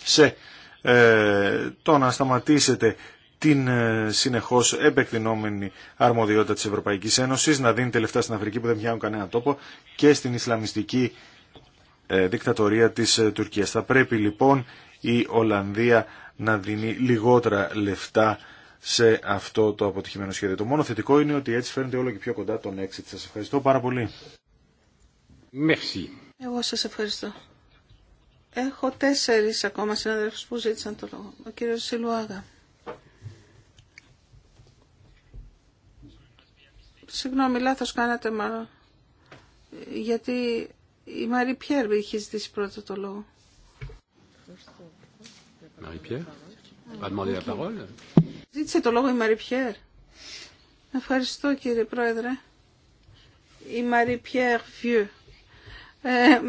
σε ε, το να σταματήσετε την ε, συνεχώς επεκτηνόμενη αρμοδιότητα της Ευρωπαϊκής Ένωσης, να δίνει λεφτά στην Αφρική που δεν πιάνουν κανένα τόπο και στην Ισλαμιστική ε, δικτατορία της ε, Τουρκίας. Θα πρέπει λοιπόν η Ολλανδία να δίνει λιγότερα λεφτά σε αυτό το αποτυχημένο σχέδιο. Το μόνο θετικό είναι ότι έτσι φαίνεται όλο και πιο κοντά τον έξιτ. Σας ευχαριστώ πάρα πολύ. Merci. Εγώ σας ευχαριστώ. Έχω τέσσερις ακόμα συναδέλφους που ζήτησαν το λόγο. Ο κύριος Σιλουάγα. Συγγνώμη, λάθος κάνατε μάλλον. Γιατί η Μαρή Πιέρ είχε ζητήσει πρώτα το λόγο. Μαρή Πιέρ, okay. Ζήτησε το λόγο η Μαρή Πιέρ. Ευχαριστώ κύριε Πρόεδρε. Η Μαρή Πιέρ Βιού. Ε,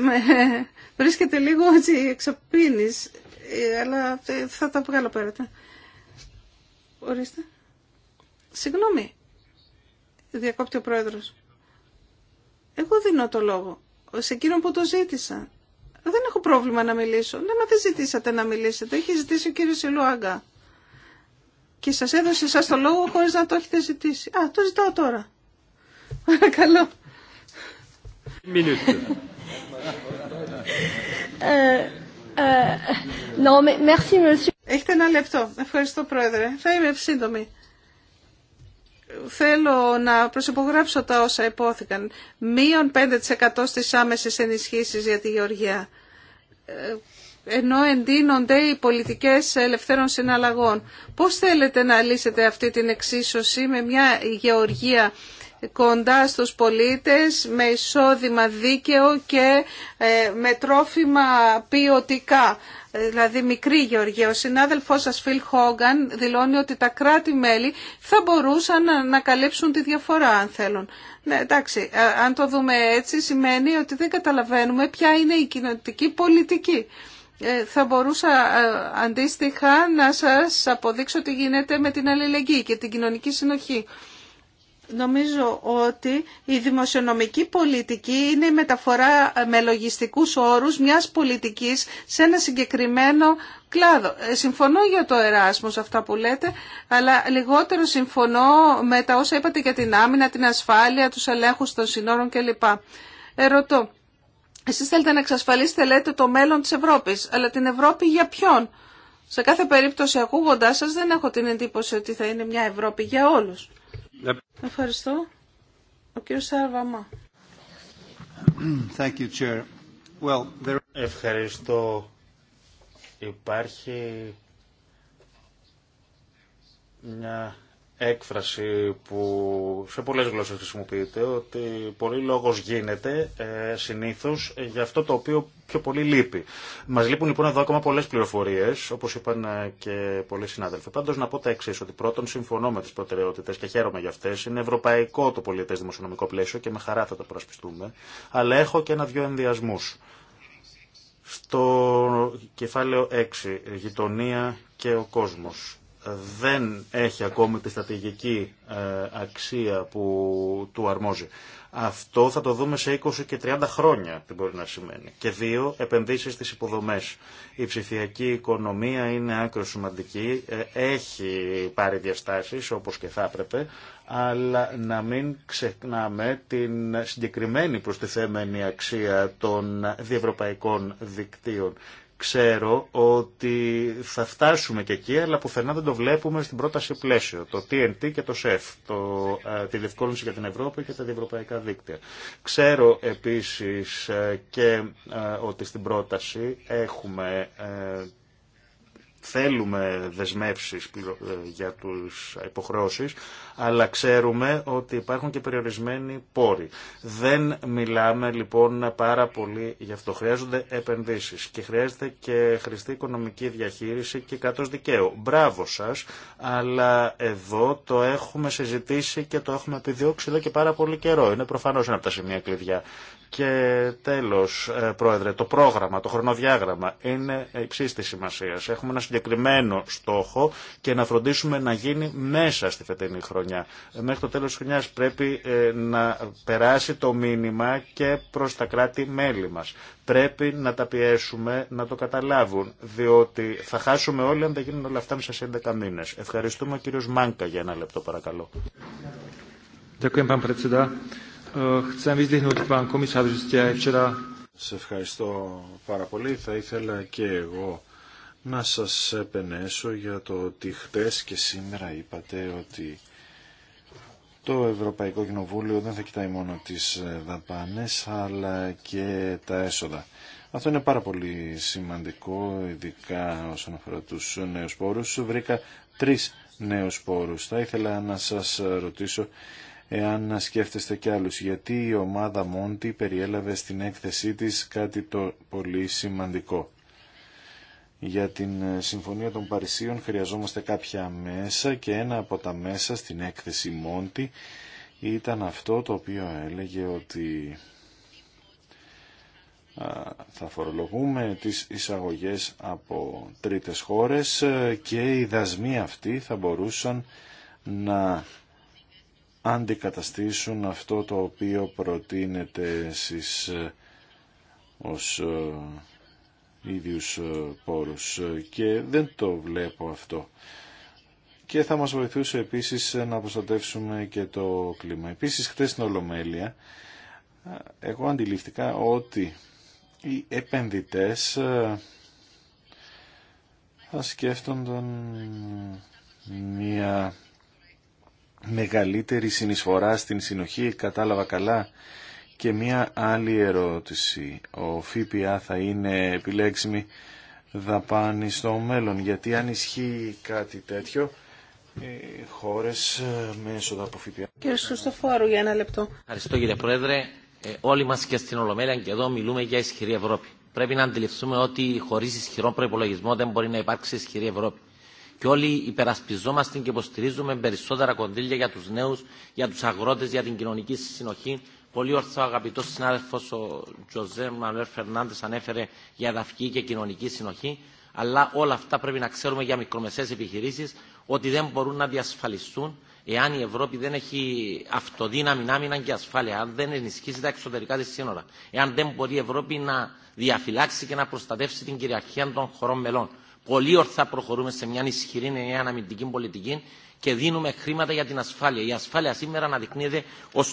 βρίσκεται λίγο έτσι εξαπίνης, ε, αλλά ε, θα τα βγάλω πέρα. Ορίστε. Συγγνώμη, διακόπτει ο πρόεδρος. Εγώ δίνω το λόγο σε εκείνον που το ζήτησα. Δεν έχω πρόβλημα να μιλήσω. Ναι, μα δεν ζητήσατε να μιλήσετε. Έχει ζητήσει ο κύριος Ιλουάγκα και σας έδωσε εσάς το λόγο χωρίς να το έχετε ζητήσει. Α, το ζητάω τώρα. Παρακαλώ. Ε, ε, έχετε ένα λεπτό. Ευχαριστώ, Πρόεδρε. Θα είμαι σύντομη. Θέλω να προσυπογράψω τα όσα υπόθηκαν. Μείον 5% στις άμεσες ενισχύσεις για τη Γεωργία ε, ενώ εντείνονται οι πολιτικές ελευθέρων συναλλαγών. Πώς θέλετε να λύσετε αυτή την εξίσωση με μια γεωργία κοντά στους πολίτες, με εισόδημα δίκαιο και ε, με τρόφιμα ποιοτικά, ε, δηλαδή μικρή γεωργία. Ο συνάδελφός σας Φιλ Χόγκαν δηλώνει ότι τα κράτη-μέλη θα μπορούσαν να καλύψουν τη διαφορά αν θέλουν. Ναι, εντάξει, αν το δούμε έτσι σημαίνει ότι δεν καταλαβαίνουμε ποια είναι η κοινωνική πολιτική. Ε, θα μπορούσα ε, αντίστοιχα να σας αποδείξω τι γίνεται με την αλληλεγγύη και την κοινωνική συνοχή. Νομίζω ότι η δημοσιονομική πολιτική είναι η μεταφορά ε, με λογιστικούς όρους μιας πολιτικής σε ένα συγκεκριμένο κλάδο. Συμφωνώ για το Εράσμος αυτά που λέτε, αλλά λιγότερο συμφωνώ με τα όσα είπατε για την άμυνα, την ασφάλεια, τους ελέγχους των συνόρων κλπ. Ερωτώ, Εσεί θέλετε να εξασφαλίσετε, λέτε, το μέλλον της Ευρώπης, αλλά την Ευρώπη για ποιον. Σε κάθε περίπτωση ακούγοντά σα, δεν έχω την εντύπωση ότι θα είναι μια Ευρώπη για όλους. Ευχαριστώ. Ο κύριος Σαρβαμά. Ευχαριστώ. Υπάρχει μια έκφραση που σε πολλές γλώσσες χρησιμοποιείται ότι πολύ λόγος γίνεται ε, συνήθως για αυτό το οποίο πιο πολύ λείπει. Μας λείπουν λοιπόν εδώ ακόμα πολλές πληροφορίες όπως είπαν ε, και πολλοί συνάδελφοι. Πάντως να πω τα εξή ότι πρώτον συμφωνώ με τις προτεραιότητες και χαίρομαι για αυτές. Είναι ευρωπαϊκό το πολιτες δημοσιονομικό πλαίσιο και με χαρά θα το προσπιστούμε. Αλλά έχω και ένα-δυο ενδιασμού Στο κεφάλαιο 6, γειτονία και ο κόσμος δεν έχει ακόμη τη στρατηγική ε, αξία που του αρμόζει. Αυτό θα το δούμε σε 20 και 30 χρόνια τι μπορεί να σημαίνει. Και δύο, επενδύσεις στις υποδομές. Η ψηφιακή οικονομία είναι άκρο σημαντική, ε, έχει πάρει διαστάσεις όπως και θα έπρεπε, αλλά να μην ξεχνάμε την συγκεκριμένη προστιθέμενη αξία των διευρωπαϊκών δικτύων Ξέρω ότι θα φτάσουμε και εκεί, αλλά πουθενά δεν το βλέπουμε στην πρόταση πλαίσιο. Το TNT και το SEF, το, ε, τη διευκόλυνση για την Ευρώπη και τα διευρωπαϊκά δίκτυα. Ξέρω επίσης ε, και ε, ότι στην πρόταση έχουμε θέλουμε δεσμεύσεις ε, για τους υποχρεώσεις, αλλά ξέρουμε ότι υπάρχουν και περιορισμένοι πόροι. Δεν μιλάμε λοιπόν πάρα πολύ γι' αυτό. Χρειάζονται επενδύσεις και χρειάζεται και χρηστή οικονομική διαχείριση και κατός δικαίου. Μπράβο σας, αλλά εδώ το έχουμε συζητήσει και το έχουμε επιδιώξει εδώ και πάρα πολύ καιρό. Είναι προφανώς ένα από τα σημεία κλειδιά και τέλος, ε, Πρόεδρε, το πρόγραμμα, το χρονοδιάγραμμα είναι υψής σημασίας. Έχουμε ένα συγκεκριμένο στόχο και να φροντίσουμε να γίνει μέσα στη φετινή χρονιά. Ε, μέχρι το τέλος της χρονιάς πρέπει ε, να περάσει το μήνυμα και προς τα κράτη-μέλη μας. Πρέπει να τα πιέσουμε να το καταλάβουν, διότι θα χάσουμε όλοι αν δεν γίνουν όλα αυτά μέσα σε 11 μήνες. Ευχαριστούμε κύριος Μάνκα για ένα λεπτό παρακαλώ. Σε ευχαριστώ πάρα πολύ. Θα ήθελα και εγώ να σας επενέσω για το ότι χτες και σήμερα είπατε ότι το Ευρωπαϊκό Κοινοβούλιο δεν θα κοιτάει μόνο τις ε, δαπάνες αλλά και τα έσοδα. Αυτό είναι πάρα πολύ σημαντικό, ειδικά όσον αφορά τους νέους πόρους. Βρήκα τρεις νέους πόρους. Θα ήθελα να σας ρωτήσω εάν σκέφτεστε κι άλλους, γιατί η ομάδα Μόντι περιέλαβε στην έκθεσή της κάτι το πολύ σημαντικό. Για την ε, Συμφωνία των Παρισίων χρειαζόμαστε κάποια μέσα και ένα από τα μέσα στην έκθεση Μόντι ήταν αυτό το οποίο έλεγε ότι θα φορολογούμε τις εισαγωγές από τρίτες χώρες ε, και οι δασμοί αυτοί θα μπορούσαν να αντικαταστήσουν αυτό το οποίο προτείνεται εσείς ε, ως ε, ίδιους ε, πόρους και δεν το βλέπω αυτό. Και θα μας βοηθούσε επίσης να προστατεύσουμε και το κλίμα. Επίσης χτες στην Ολομέλεια εγώ αντιληφθήκα ότι οι επενδυτές θα σκέφτονταν μια μεγαλύτερη συνεισφορά στην συνοχή, κατάλαβα καλά. Και μία άλλη ερώτηση. Ο ΦΠΑ θα είναι επιλέξιμη δαπάνη στο μέλλον, γιατί αν ισχύει κάτι τέτοιο, οι χώρες ε, με έσοδα από ΦΠΑ. Κύριε Σουστοφόρου, για ένα λεπτό. Ευχαριστώ κύριε Πρόεδρε. Ε, όλοι μα και στην Ολομέλεια και εδώ μιλούμε για ισχυρή Ευρώπη. Πρέπει να αντιληφθούμε ότι χωρί ισχυρό προπολογισμό δεν μπορεί να υπάρξει ισχυρή Ευρώπη. Και όλοι υπερασπιζόμαστε και υποστηρίζουμε περισσότερα κονδύλια για του νέου, για του αγρότε, για την κοινωνική συνοχή. Πολύ ορθά ο αγαπητό συνάδελφο ο Τζοζέ Μανουέλ Φερνάντε ανέφερε για εδαφική και κοινωνική συνοχή. Αλλά όλα αυτά πρέπει να ξέρουμε για μικρομεσαίε επιχειρήσει ότι δεν μπορούν να διασφαλιστούν εάν η Ευρώπη δεν έχει αυτοδύναμη άμυνα και ασφάλεια, αν δεν ενισχύσει τα εξωτερικά τη σύνορα, εάν δεν μπορεί η Ευρώπη να διαφυλάξει και να προστατεύσει την κυριαρχία των χωρών μελών πολύ ορθά προχωρούμε σε μια ισχυρή νέα αναμυντική πολιτική και δίνουμε χρήματα για την ασφάλεια. Η ασφάλεια σήμερα αναδεικνύεται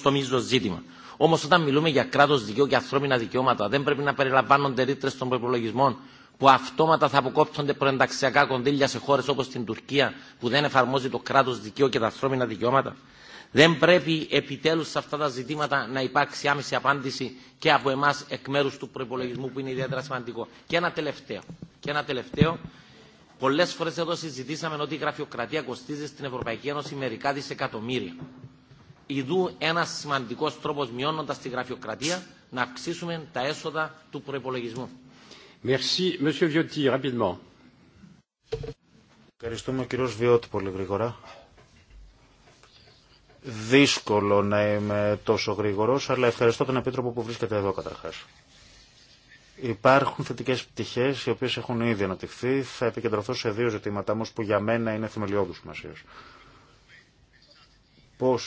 ω μείζο ζήτημα. Όμω, όταν μιλούμε για κράτο δικαίου και ανθρώπινα δικαιώματα, δεν πρέπει να περιλαμβάνονται ρήτρε των προπολογισμών που αυτόματα θα αποκόπτονται προενταξιακά κονδύλια σε χώρε όπω την Τουρκία, που δεν εφαρμόζει το κράτο δικαίου και τα ανθρώπινα δικαιώματα. Δεν πρέπει επιτέλου σε αυτά τα ζητήματα να υπάρξει άμεση απάντηση και από εμά εκ μέρου του προπολογισμού, που είναι ιδιαίτερα σημαντικό. Και ένα τελευταίο. Και ένα τελευταίο Πολλέ φορέ εδώ συζητήσαμε ότι η γραφειοκρατία κοστίζει στην Ευρωπαϊκή Ένωση μερικά δισεκατομμύρια. Ιδού ένα σημαντικό τρόπο μειώνοντα τη γραφειοκρατία να αυξήσουμε τα έσοδα του προπολογισμού. Merci, Monsieur Ευχαριστούμε κύριο Βιώτη πολύ γρήγορα. Δύσκολο να είμαι τόσο γρήγορο, αλλά ευχαριστώ τον Επίτροπο που βρίσκεται εδώ καταρχά. Υπάρχουν θετικέ πτυχέ οι οποίε έχουν ήδη αναπτυχθεί. Θα επικεντρωθώ σε δύο ζητήματα όμω που για μένα είναι θεμελιώδου σημασία. Πώ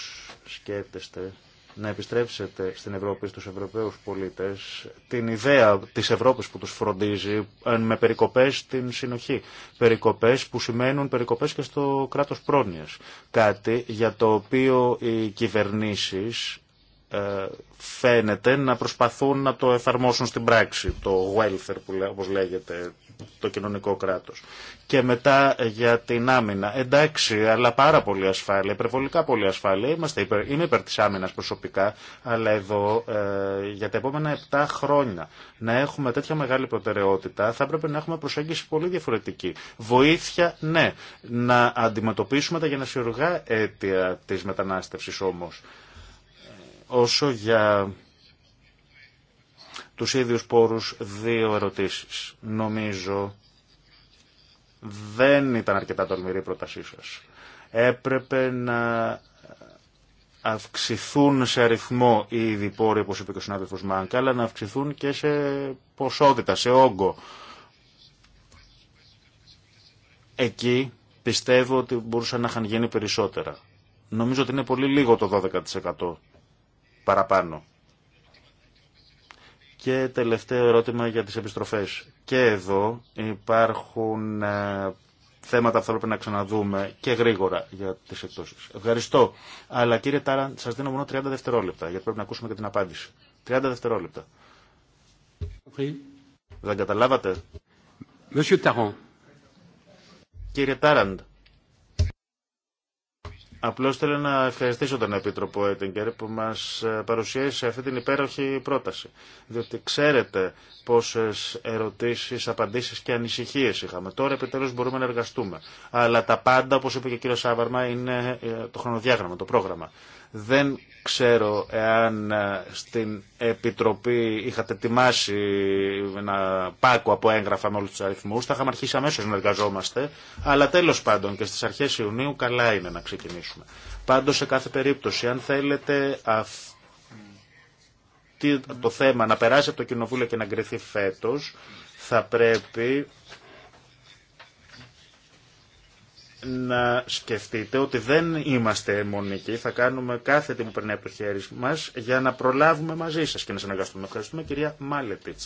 σκέφτεστε να επιστρέψετε στην Ευρώπη στους Ευρωπαίους πολίτες την ιδέα της Ευρώπης που τους φροντίζει με περικοπές στην συνοχή. Περικοπές που σημαίνουν περικοπές και στο κράτος πρόνοιας. Κάτι για το οποίο οι κυβερνήσεις ε, φαίνεται να προσπαθούν να το εφαρμόσουν στην πράξη, το welfare που, όπως λέγεται, το κοινωνικό κράτος. Και μετά για την άμυνα. Εντάξει, αλλά πάρα πολύ ασφάλεια, υπερβολικά πολύ ασφάλεια. Είμαστε υπερ, είμαι υπέρ της άμυνας προσωπικά, αλλά εδώ ε, για τα επόμενα 7 χρόνια να έχουμε τέτοια μεγάλη προτεραιότητα θα έπρεπε να έχουμε προσέγγιση πολύ διαφορετική. Βοήθεια, ναι. Να αντιμετωπίσουμε τα γενεσιουργά αίτια της μετανάστευσης όμως. Όσο για τους ίδιους πόρους δύο ερωτήσεις. Νομίζω δεν ήταν αρκετά τολμηρή η πρότασή σας. Έπρεπε να αυξηθούν σε αριθμό οι ήδη πόροι, όπως είπε και ο συνάδελφος Μάνκα, αλλά να αυξηθούν και σε ποσότητα, σε όγκο. Εκεί πιστεύω ότι μπορούσαν να είχαν γίνει περισσότερα. Νομίζω ότι είναι πολύ λίγο το 12% παραπάνω. Και τελευταίο ερώτημα για τις επιστροφές. Και εδώ υπάρχουν ε, θέματα που θα πρέπει να ξαναδούμε και γρήγορα για τις εκτόσεις. Ευχαριστώ. Αλλά κύριε Τάραντ, σας δίνω μόνο 30 δευτερόλεπτα, γιατί πρέπει να ακούσουμε και την απάντηση. 30 δευτερόλεπτα. Okay. Δεν καταλάβατε. Κύριε Τάραντ. Απλώς θέλω να ευχαριστήσω τον Επίτροπο Έτιγκερ που μας ε, παρουσίασε αυτή την υπέροχη πρόταση. Διότι ξέρετε πόσες ερωτήσεις, απαντήσεις και ανησυχίες είχαμε. Τώρα επιτέλους μπορούμε να εργαστούμε. Αλλά τα πάντα, όπως είπε και ο κύριος Σάβαρμα, είναι ε, το χρονοδιάγραμμα, το πρόγραμμα. Δεν ξέρω εάν ε, στην Επιτροπή είχατε ετοιμάσει ένα πάκο από έγγραφα με όλους τους αριθμούς. Θα είχαμε αρχίσει αμέσως να εργαζόμαστε. Αλλά τέλος πάντων και στις αρχές Ιουνίου καλά είναι να ξεκινήσουμε. Πάντως σε κάθε περίπτωση αν θέλετε το θέμα να περάσει από το Κοινοβούλιο και να εγκριθεί φέτος θα πρέπει να σκεφτείτε ότι δεν είμαστε μονικοί. Θα κάνουμε κάθε τι που περνάει από το χέρι μα για να προλάβουμε μαζί σα και να συνεργαστούμε. Ευχαριστούμε, κυρία Μάλετιτ.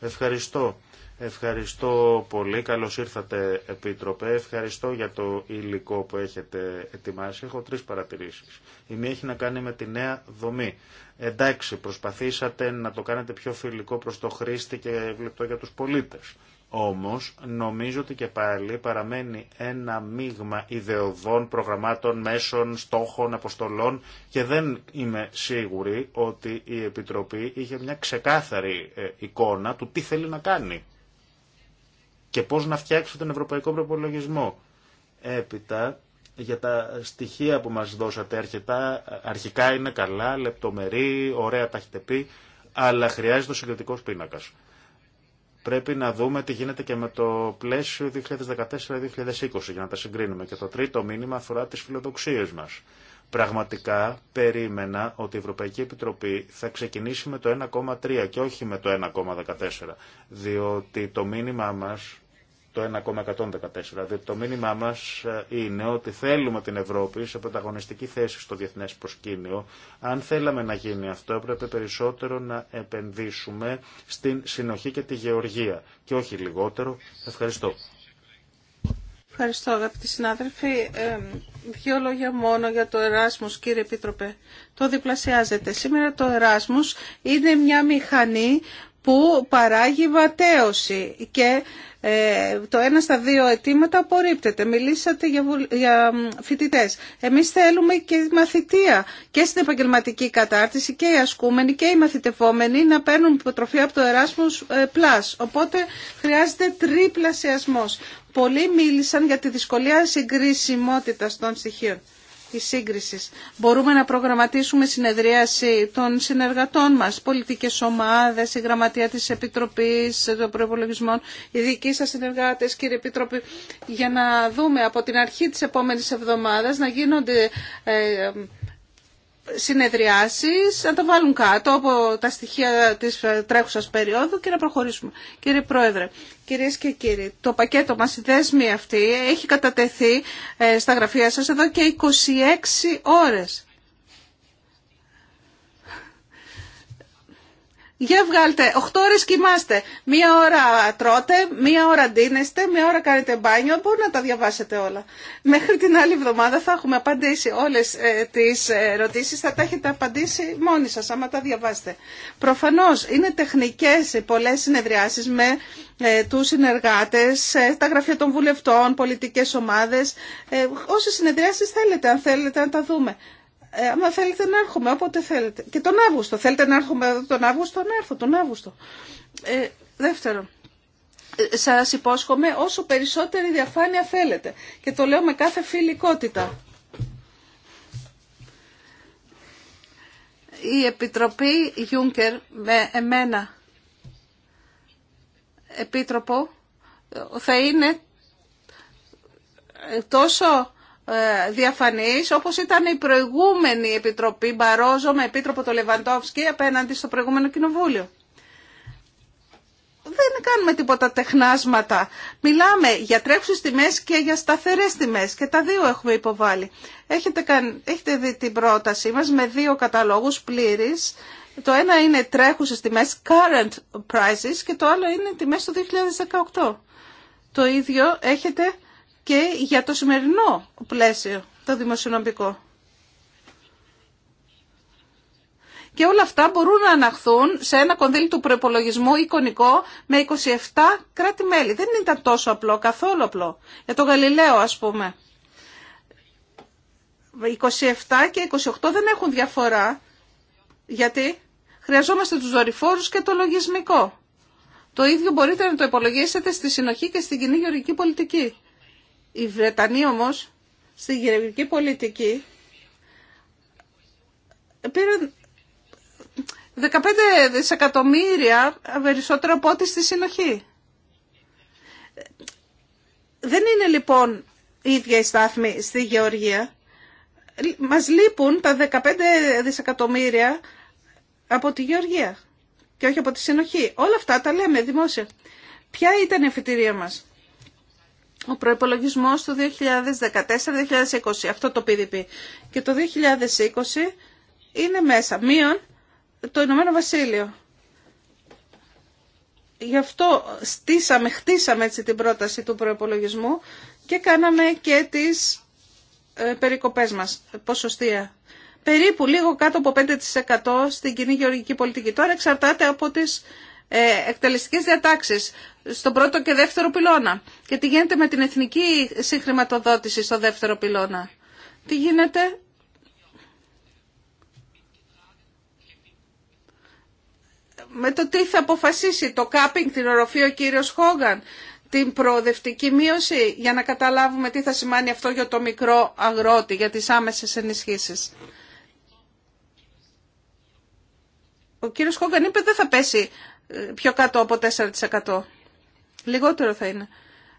Ευχαριστώ. Ευχαριστώ πολύ. Καλώ ήρθατε, Επίτροπε. Ευχαριστώ για το υλικό που έχετε ετοιμάσει. Έχω τρει παρατηρήσει. Η μία έχει να κάνει με τη νέα δομή. Εντάξει, προσπαθήσατε να το κάνετε πιο φιλικό προ το χρήστη και βλεπτό για του πολίτε. Όμως νομίζω ότι και πάλι παραμένει ένα μείγμα ιδεωδών, προγραμμάτων, μέσων, στόχων, αποστολών και δεν είμαι σίγουρη ότι η Επιτροπή είχε μια ξεκάθαρη ε, εικόνα του τι θέλει να κάνει και πώς να φτιάξει τον ευρωπαϊκό προπολογισμό. Έπειτα, για τα στοιχεία που μας δώσατε αρχικά, αρχικά είναι καλά, λεπτομερή, ωραία τα έχετε πει, αλλά χρειάζεται ο συγκριτικός πίνακας πρέπει να δούμε τι γίνεται και με το πλαίσιο 2014-2020 για να τα συγκρίνουμε. Και το τρίτο μήνυμα αφορά τις φιλοδοξίες μας. Πραγματικά περίμενα ότι η Ευρωπαϊκή Επιτροπή θα ξεκινήσει με το 1,3 και όχι με το 1,14, διότι το μήνυμά μας το 1,114. Δηλαδή το μήνυμά μας ε, είναι ότι θέλουμε την Ευρώπη σε πρωταγωνιστική θέση στο διεθνές προσκήνιο. Αν θέλαμε να γίνει αυτό έπρεπε περισσότερο να επενδύσουμε στην συνοχή και τη γεωργία και όχι λιγότερο. Ευχαριστώ. Ευχαριστώ αγαπητοί συνάδελφοι. Ε, δύο λόγια μόνο για το Εράσμος κύριε Επίτροπε. Το διπλασιάζεται. Σήμερα το Εράσμος είναι μια μηχανή που παράγει βατέωση και ε, το ένα στα δύο αιτήματα απορρίπτεται. Μιλήσατε για, για φοιτητέ. Εμείς θέλουμε και μαθητεία και στην επαγγελματική κατάρτιση και οι ασκούμενοι και οι μαθητευόμενοι να παίρνουν υποτροφή από το Erasmus ε, Plus. Οπότε χρειάζεται τρίπλασιασμός. Πολλοί μίλησαν για τη δυσκολία συγκρίσιμότητας των στοιχείων. Μπορούμε να προγραμματίσουμε συνεδρίαση των συνεργατών μα, πολιτικέ ομάδε, η Γραμματεία της Επιτροπή, των προπολογισμών, οι δικοί σα συνεργάτε, κύριε Επιτροπή, για να δούμε από την αρχή τη επόμενη εβδομάδα να γίνονται ε, συνεδριάσεις, να τα βάλουν κάτω από τα στοιχεία της τρέχουσας περίοδου και να προχωρήσουμε. Κύριε Πρόεδρε, κυρίες και κύριοι, το πακέτο μας, η δέσμη αυτή, έχει κατατεθεί ε, στα γραφεία σας εδώ και 26 ώρες. Για βγάλτε, 8 ώρες κοιμάστε, μία ώρα τρώτε, μία ώρα ντύνεστε, μία ώρα κάνετε μπάνιο, μπορεί να τα διαβάσετε όλα. Μέχρι την άλλη εβδομάδα θα έχουμε απαντήσει όλες ε, τις ερωτήσεις, θα τα έχετε απαντήσει μόνοι σας άμα τα διαβάσετε. Προφανώς είναι τεχνικές πολλές συνεδριάσεις με ε, τους συνεργάτες, ε, τα γραφεία των βουλευτών, πολιτικές ομάδες, ε, όσες συνεδριάσεις θέλετε, αν θέλετε να τα δούμε ε, άμα θέλετε να έρχομαι όποτε θέλετε. Και τον Αύγουστο. Θέλετε να έρχομαι εδώ τον Αύγουστο, να έρθω τον Αύγουστο. Ε, δεύτερον, ε, σας υπόσχομαι όσο περισσότερη διαφάνεια θέλετε. Και το λέω με κάθε φιλικότητα. Η Επιτροπή γιούνκερ με εμένα επίτροπο θα είναι τόσο ε, διαφανής όπως ήταν η προηγούμενη Επιτροπή Μπαρόζο με Επίτροπο το Λεβαντόφσκι απέναντι στο προηγούμενο Κοινοβούλιο. Δεν κάνουμε τίποτα τεχνάσματα. Μιλάμε για τρέχουσες τιμές και για σταθερές τιμές και τα δύο έχουμε υποβάλει. Έχετε, καν... Έχετε δει την πρότασή μας με δύο καταλόγους πλήρης. Το ένα είναι τρέχουσες τιμές current prices και το άλλο είναι τιμές του 2018. Το ίδιο έχετε και για το σημερινό πλαίσιο, το δημοσιονομικό. Και όλα αυτά μπορούν να αναχθούν σε ένα κονδύλι του προπολογισμού εικονικό με 27 κράτη-μέλη. Δεν ήταν τόσο απλό, καθόλου απλό. Για το Γαλιλαίο ας πούμε. 27 και 28 δεν έχουν διαφορά. Γιατί χρειαζόμαστε τους δορυφόρους και το λογισμικό. Το ίδιο μπορείτε να το υπολογίσετε στη συνοχή και στην κοινή γεωργική πολιτική. Οι Βρετανοί όμως στη γεωργική πολιτική πήραν 15 δισεκατομμύρια περισσότερο από ό,τι στη συνοχή. Δεν είναι λοιπόν η ίδια η στάθμη στη Γεωργία. Μας λείπουν τα 15 δισεκατομμύρια από τη Γεωργία και όχι από τη συνοχή. Όλα αυτά τα λέμε δημόσια. Ποια ήταν η εφητηρία μας ο προϋπολογισμός του 2014-2020, αυτό το PDP. Και το 2020 είναι μέσα, μείον το Ηνωμένο Βασίλειο. Γι' αυτό στήσαμε, χτίσαμε έτσι την πρόταση του προϋπολογισμού και κάναμε και τις ε, περικοπές μας, ποσοστία. Περίπου λίγο κάτω από 5% στην κοινή γεωργική πολιτική. Τώρα εξαρτάται από τις ε, εκτελεστικές διατάξεις στον πρώτο και δεύτερο πυλώνα. Και τι γίνεται με την εθνική συγχρηματοδότηση στο δεύτερο πυλώνα. Τι γίνεται... Με το τι θα αποφασίσει το κάπινγκ, την οροφή ο κύριος Χόγκαν, την προοδευτική μείωση, για να καταλάβουμε τι θα σημαίνει αυτό για το μικρό αγρότη, για τις άμεσες ενισχύσεις. Ο κύριος Χόγκαν είπε δεν θα πέσει πιο κάτω από 4%. Λιγότερο θα είναι.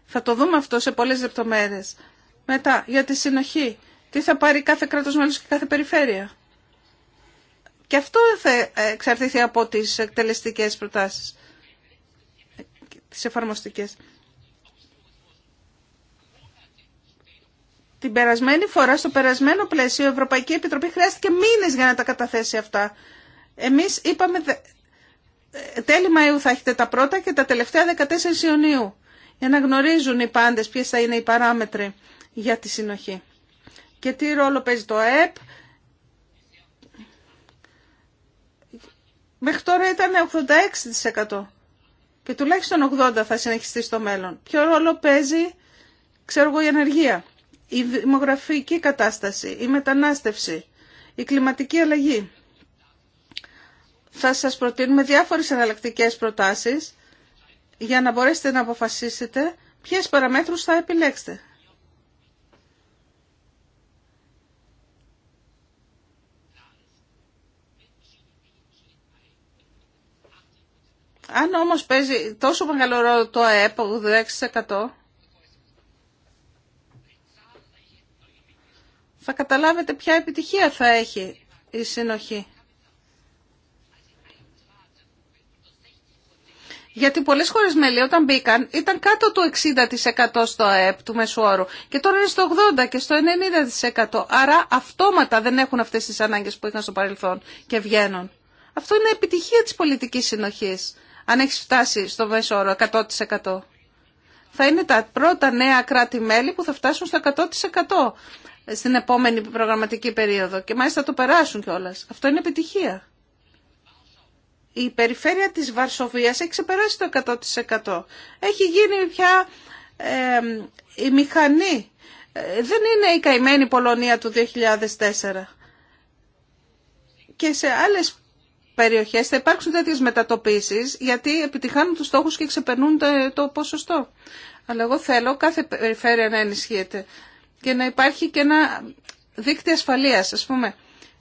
Θα το δούμε αυτό σε πολλές λεπτομέρειες. Μετά, για τη συνοχή. Τι θα πάρει κάθε κράτος μέλος και κάθε περιφέρεια. Και αυτό θα εξαρτηθεί από τις εκτελεστικές προτάσεις. Τις εφαρμοστικές. Την περασμένη φορά, στο περασμένο πλαίσιο, η Ευρωπαϊκή Επιτροπή χρειάστηκε μήνες για να τα καταθέσει αυτά. Εμείς είπαμε ε, τέλη Μαΐου θα έχετε τα πρώτα και τα τελευταία 14 Ιουνίου για να γνωρίζουν οι πάντες ποιες θα είναι οι παράμετροι για τη συνοχή. Και τι ρόλο παίζει το ΑΕΠ. Μέχρι τώρα ήταν 86% και τουλάχιστον 80% θα συνεχιστεί στο μέλλον. Ποιο ρόλο παίζει, ξέρω εγώ, η ενεργία, η δημογραφική κατάσταση, η μετανάστευση, η κλιματική αλλαγή θα σας προτείνουμε διάφορες εναλλακτικές προτάσεις για να μπορέσετε να αποφασίσετε ποιες παραμέτρους θα επιλέξετε. Αν όμως παίζει τόσο μεγάλο ρόλο το ΑΕΠ, 86%, θα καταλάβετε ποια επιτυχία θα έχει η συνοχή. Γιατί πολλές χώρες μέλη όταν μπήκαν ήταν κάτω του 60% στο ΑΕΠ του μεσουόρου και τώρα είναι στο 80% και στο 90%. Άρα αυτόματα δεν έχουν αυτές τις ανάγκες που είχαν στο παρελθόν και βγαίνουν. Αυτό είναι επιτυχία της πολιτικής συνοχής, αν έχει φτάσει στο όρο 100%. Θα είναι τα πρώτα νέα κράτη-μέλη που θα φτάσουν στο 100% στην επόμενη προγραμματική περίοδο και μάλιστα το περάσουν κιόλας. Αυτό είναι επιτυχία η περιφέρεια της Βαρσοβίας έχει ξεπεράσει το 100%. Έχει γίνει πια ε, η μηχανή. Ε, δεν είναι η καημένη Πολωνία του 2004. Και σε άλλες περιοχές θα υπάρξουν τέτοιες μετατοπίσεις γιατί επιτυχάνουν τους στόχους και ξεπερνούν το ποσοστό. Αλλά εγώ θέλω κάθε περιφέρεια να ενισχύεται και να υπάρχει και ένα δίκτυο ασφαλείας, ας πούμε.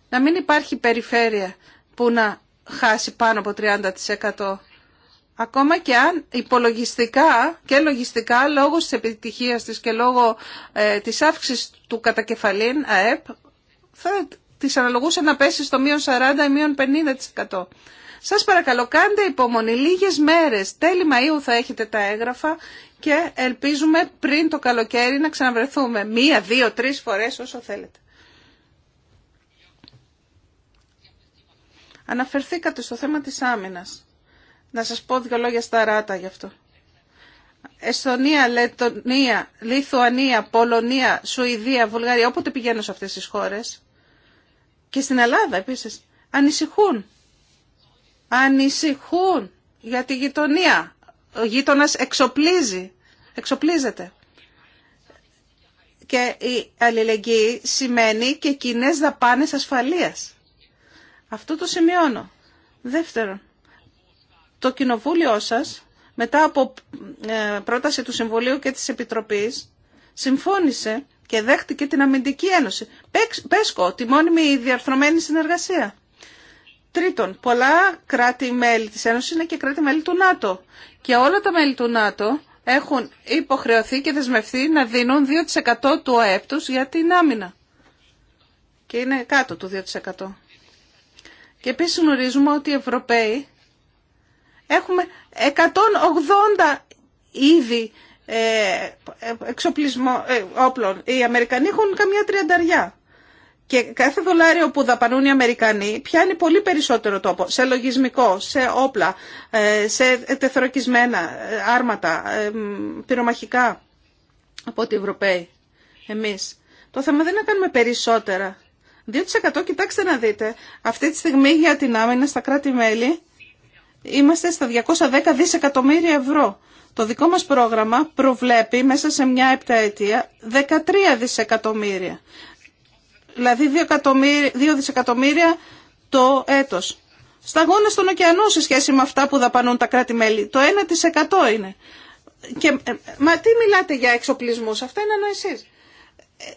Να μην υπάρχει περιφέρεια που να χάσει πάνω από 30%. Ακόμα και αν υπολογιστικά και λογιστικά λόγω της επιτυχίας της και λόγω ε, της αύξησης του κατακεφαλήν ΑΕΠ ε, θα της αναλογούσε να πέσει στο μείον 40 ή μείον 50%. Σας παρακαλώ κάντε υπομονή λίγες μέρες. Τέλη Μαΐου θα έχετε τα έγγραφα και ελπίζουμε πριν το καλοκαίρι να ξαναβρεθούμε μία, δύο, τρεις φορές όσο θέλετε. Αναφερθήκατε στο θέμα της άμυνας. Να σας πω δύο λόγια στα ράτα γι' αυτό. Εστονία, Λετωνία, Λιθουανία, Πολωνία, Σουηδία, Βουλγαρία, όποτε πηγαίνω σε αυτές τις χώρες και στην Ελλάδα επίσης, ανησυχούν. Ανησυχούν για τη γειτονία. Ο γείτονας εξοπλίζει, εξοπλίζεται. Και η αλληλεγγύη σημαίνει και κοινέ δαπάνες ασφαλείας. Αυτό το σημειώνω. Δεύτερον, το κοινοβούλιο σας, μετά από ε, πρόταση του Συμβουλίου και της Επιτροπής, συμφώνησε και δέχτηκε την Αμυντική Ένωση. Πέσκο, τη μόνιμη διαρθρωμένη συνεργασία. Τρίτον, πολλά κράτη-μέλη της Ένωσης είναι και κράτη-μέλη του ΝΑΤΟ. Και όλα τα μέλη του ΝΑΤΟ έχουν υποχρεωθεί και δεσμευθεί να δίνουν 2% του ΑΕΠ τους για την άμυνα. Και είναι κάτω του 2%. Και επίσης γνωρίζουμε ότι οι Ευρωπαίοι έχουμε 180 είδη ε, εξοπλισμό, ε, όπλων. Οι Αμερικανοί έχουν καμιά τριανταριά. Και κάθε δολάριο που δαπανούν οι Αμερικανοί πιάνει πολύ περισσότερο τόπο σε λογισμικό, σε όπλα, ε, σε τεθροκισμένα άρματα, πυρομαχικά από ότι οι Ευρωπαίοι, εμείς. Το θέμα δεν είναι να κάνουμε περισσότερα. 2% κοιτάξτε να δείτε. Αυτή τη στιγμή για την άμυνα στα κράτη-μέλη είμαστε στα 210 δισεκατομμύρια ευρώ. Το δικό μας πρόγραμμα προβλέπει μέσα σε μια επταετία 13 δισεκατομμύρια. Δηλαδή 2 δισεκατομμύρια το έτος. Σταγόνες στον ωκεανό σε σχέση με αυτά που δαπανούν τα κράτη-μέλη. Το 1% είναι. Και, ε, μα τι μιλάτε για εξοπλισμούς, αυτά είναι ανοησίες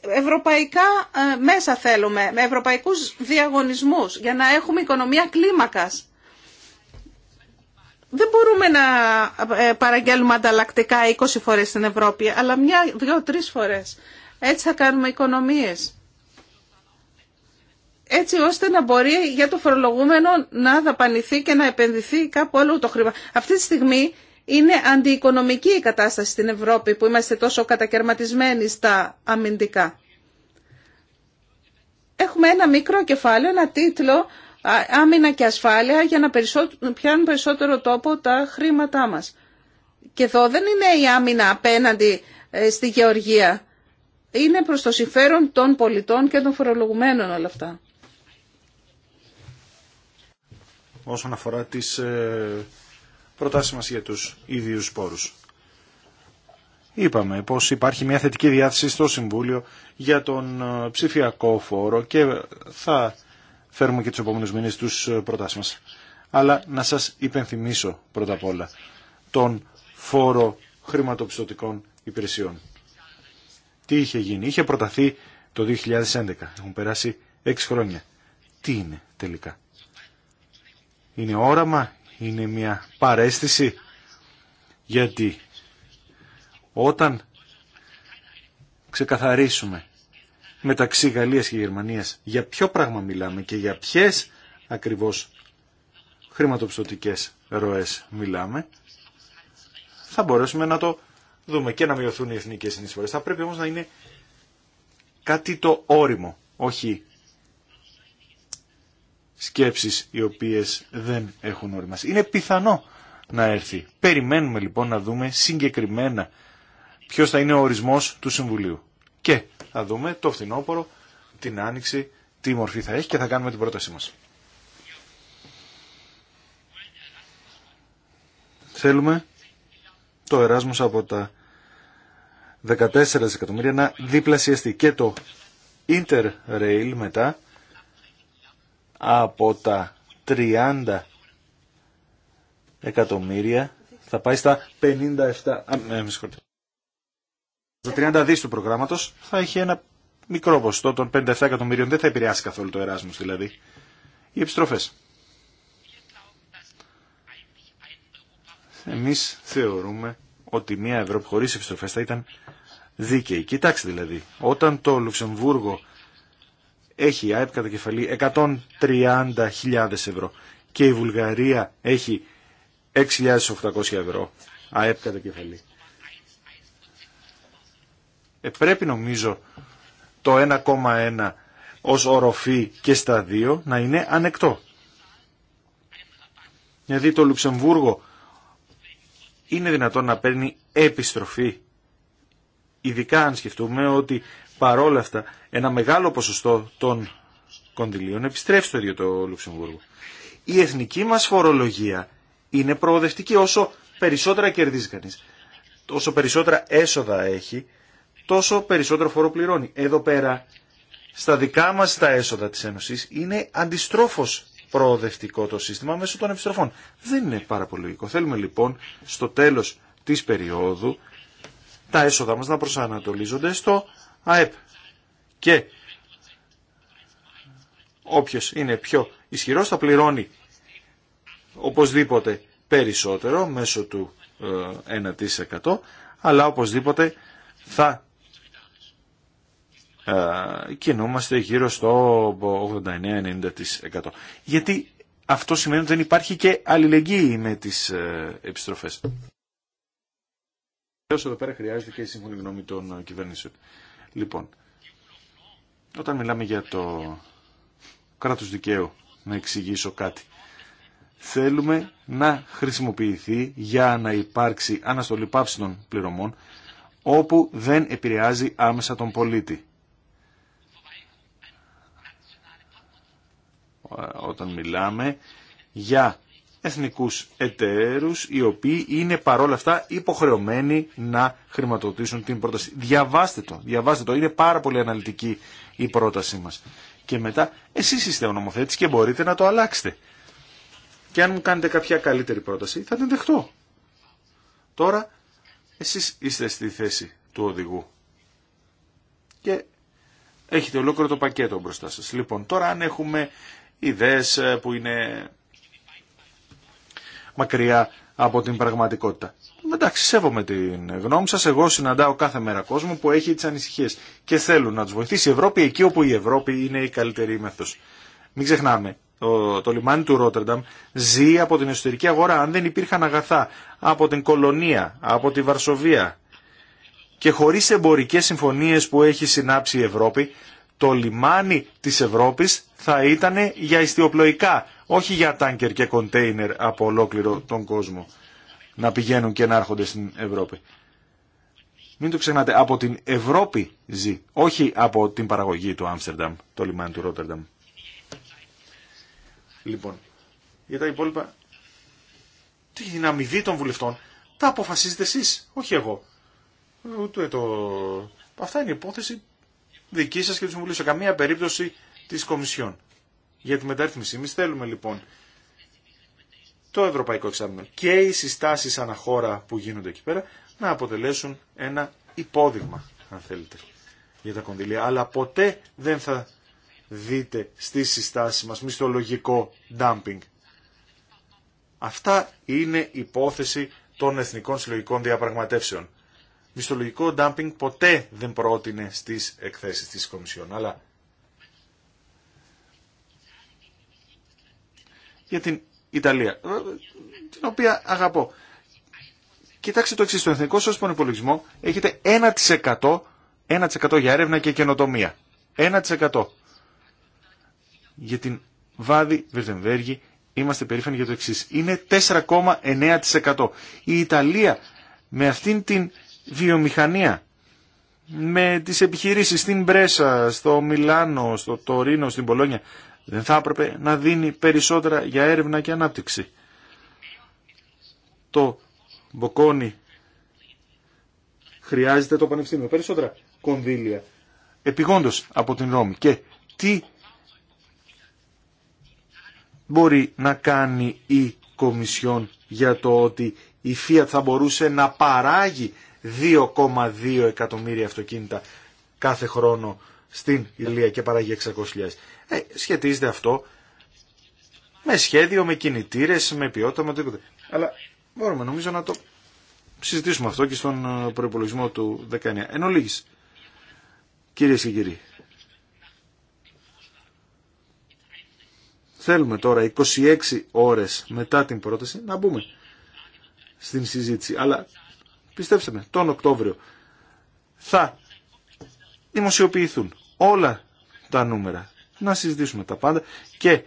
ευρωπαϊκά ε, μέσα θέλουμε, με ευρωπαϊκούς διαγωνισμούς για να έχουμε οικονομία κλίμακας. Δεν μπορούμε να ε, παραγγελουμε ανταλλακτικά 20 φορές στην Ευρώπη, αλλά μια, δυο, τρεις φορές. Έτσι θα κάνουμε οικονομίες. Έτσι ώστε να μπορεί για το φορολογούμενο να δαπανηθεί και να επενδυθεί κάπου άλλο το χρήμα. Αυτή τη στιγμή είναι αντιοικονομική η κατάσταση στην Ευρώπη που είμαστε τόσο κατακαιρματισμένοι στα αμυντικά. Έχουμε ένα μικρό κεφάλαιο, ένα τίτλο άμυνα και ασφάλεια για να πιάνουν περισσότερο τόπο τα χρήματά μας. Και εδώ δεν είναι η άμυνα απέναντι ε, στη γεωργία. Είναι προς το συμφέρον των πολιτών και των φορολογουμένων όλα αυτά. Όσον αφορά τις ε, προτάσεις μας για τους ίδιους πόρους. Είπαμε πως υπάρχει μια θετική διάθεση στο Συμβούλιο για τον ε, ψηφιακό φόρο και θα φέρουμε και τους επόμενους μήνες τους ε, προτάσεις μας. Αλλά να σας υπενθυμίσω πρώτα απ' όλα τον φόρο χρηματοπιστωτικών υπηρεσιών. Τι είχε γίνει. Είχε προταθεί το 2011. Έχουν περάσει 6 χρόνια. Τι είναι τελικά. Είναι όραμα, είναι μια παρέστηση γιατί όταν ξεκαθαρίσουμε μεταξύ Γαλλίας και Γερμανίας για ποιο πράγμα μιλάμε και για ποιες ακριβώς χρηματοπιστωτικές ροές μιλάμε, θα μπορέσουμε να το δούμε και να μειωθούν οι εθνικές συνεισφορές. Θα πρέπει όμως να είναι κάτι το όριμο, όχι σκέψεις οι οποίες δεν έχουν όριμα. Είναι πιθανό να έρθει. Περιμένουμε λοιπόν να δούμε συγκεκριμένα ποιος θα είναι ο ορισμός του Συμβουλίου. Και θα δούμε το φθινόπωρο, την άνοιξη, τι μορφή θα έχει και θα κάνουμε την πρότασή μας. Θέλουμε το Εράσμος από τα 14 δισεκατομμύρια να διπλασιαστεί και το Interrail μετά από τα 30 εκατομμύρια θα πάει στα 57 α, ε, με στα 30 δις του προγράμματος θα έχει ένα μικρό ποσοστό των 57 εκατομμύριων δεν θα επηρεάσει καθόλου το Εράσμος δηλαδή οι επιστροφές εμείς θεωρούμε ότι μια Ευρώπη χωρίς επιστροφές θα ήταν δίκαιη. Κοιτάξτε δηλαδή, όταν το Λουξεμβούργο έχει η ΑΕΠ κατά κεφαλή 130.000 ευρώ και η Βουλγαρία έχει 6.800 ευρώ ΑΕΠ κατά κεφαλή. Ε, πρέπει νομίζω το 1,1 ως οροφή και στα δύο να είναι ανεκτό. Δηλαδή το Λουξεμβούργο είναι δυνατόν να παίρνει επιστροφή ειδικά αν σκεφτούμε ότι παρόλα αυτά ένα μεγάλο ποσοστό των κονδυλίων επιστρέφει στο ίδιο το Λουξεμβούργο. Η εθνική μα φορολογία είναι προοδευτική όσο περισσότερα κερδίζει κανεί, Όσο περισσότερα έσοδα έχει, τόσο περισσότερο φόρο πληρώνει. Εδώ πέρα, στα δικά μα τα έσοδα τη Ένωση είναι αντιστρόφως προοδευτικό το σύστημα μέσω των επιστροφών. Δεν είναι πάρα πολύ λογικό. Θέλουμε λοιπόν στο τέλο τη περίοδου τα έσοδα μας να προσανατολίζονται στο ΑΕΠ. Και όποιος είναι πιο ισχυρός θα πληρώνει οπωσδήποτε περισσότερο μέσω του 1% ε, αλλά οπωσδήποτε θα ε, κινούμαστε γύρω στο 89-90%. Γιατί αυτό σημαίνει ότι δεν υπάρχει και αλληλεγγύη με τις ε, επιστροφές. Εδώ πέρα χρειάζεται και η σύμφωνη γνώμη των κυβερνήσεων. Λοιπόν, όταν μιλάμε για το κράτος δικαίου, να εξηγήσω κάτι. Θέλουμε να χρησιμοποιηθεί για να υπάρξει αναστολή πάυση των πληρωμών όπου δεν επηρεάζει άμεσα τον πολίτη. Όταν μιλάμε για εθνικούς εταίρους οι οποίοι είναι παρόλα αυτά υποχρεωμένοι να χρηματοδοτήσουν την πρόταση. Διαβάστε το, διαβάστε το. Είναι πάρα πολύ αναλυτική η πρότασή μας. Και μετά εσείς είστε ο νομοθέτης και μπορείτε να το αλλάξετε. Και αν μου κάνετε κάποια καλύτερη πρόταση θα την δεχτώ. Τώρα εσείς είστε στη θέση του οδηγού. Και έχετε ολόκληρο το πακέτο μπροστά σας. Λοιπόν, τώρα αν έχουμε ιδέες ε, που είναι μακριά από την πραγματικότητα. Εντάξει, σέβομαι την γνώμη σας. Εγώ συναντάω κάθε μέρα κόσμο που έχει τις ανησυχίες και θέλουν να τους βοηθήσει η Ευρώπη εκεί όπου η Ευρώπη είναι η καλύτερη μέθοδος. Μην ξεχνάμε, το, το λιμάνι του Ρότερνταμ ζει από την εσωτερική αγορά. Αν δεν υπήρχαν αγαθά από την κολονία, από τη Βαρσοβία και χωρί εμπορικέ συμφωνίε που έχει συνάψει η Ευρώπη, το λιμάνι της Ευρώπης θα ήταν για ιστιοπλοϊκά, όχι για τάνκερ και κοντέινερ από ολόκληρο τον κόσμο να πηγαίνουν και να έρχονται στην Ευρώπη. Μην το ξεχνάτε, από την Ευρώπη ζει, όχι από την παραγωγή του Άμστερνταμ, το λιμάνι του Ρότερνταμ. Λοιπόν, για τα υπόλοιπα, την αμοιβή των βουλευτών, τα αποφασίζετε εσείς, όχι εγώ. Ούτε το... Αυτά είναι υπόθεση δική σα και του Συμβουλίου, σε καμία περίπτωση της Κομισιόν. Για τη μεταρρύθμιση. Εμεί θέλουμε λοιπόν το Ευρωπαϊκό Εξάμεινο και οι συστάσεις αναχώρα που γίνονται εκεί πέρα να αποτελέσουν ένα υπόδειγμα, αν θέλετε, για τα κονδυλία. Αλλά ποτέ δεν θα δείτε στι συστάσει μας μισθολογικό dumping. Αυτά είναι υπόθεση των εθνικών συλλογικών διαπραγματεύσεων μισθολογικό ντάμπινγκ ποτέ δεν πρότεινε στις εκθέσεις της Κομισιόν. Αλλά για την Ιταλία, ε, την οποία αγαπώ. Κοιτάξτε το εξή, στον εθνικό σας υπολογισμό έχετε 1%, 1 για έρευνα και καινοτομία. 1%. Για την Βάδη Βερτεμβέργη είμαστε περήφανοι για το εξή. Είναι 4,9%. Η Ιταλία με αυτήν την βιομηχανία με τις επιχειρήσεις στην Πρέσα, στο Μιλάνο, στο Τωρίνο, στην Πολόνια. Δεν θα έπρεπε να δίνει περισσότερα για έρευνα και ανάπτυξη. Το Μποκόνι χρειάζεται το Πανεπιστήμιο περισσότερα κονδύλια επιγόντως από την Ρώμη. Και τι μπορεί να κάνει η Κομισιόν για το ότι η φία θα μπορούσε να παράγει 2,2 εκατομμύρια αυτοκίνητα κάθε χρόνο στην Ηλία και παράγει 600.000. Ε, σχετίζεται αυτό με σχέδιο, με κινητήρες, με ποιότητα, με οτιδήποτε. Αλλά μπορούμε νομίζω να το συζητήσουμε αυτό και στον ε, προπολογισμό του 19. Εν ολίγης, κυρίες και κύριοι, θέλουμε τώρα 26 ώρες μετά την πρόταση να μπούμε στην συζήτηση. Αλλά πιστέψτε με, τον Οκτώβριο θα δημοσιοποιηθούν όλα τα νούμερα. Να συζητήσουμε τα πάντα και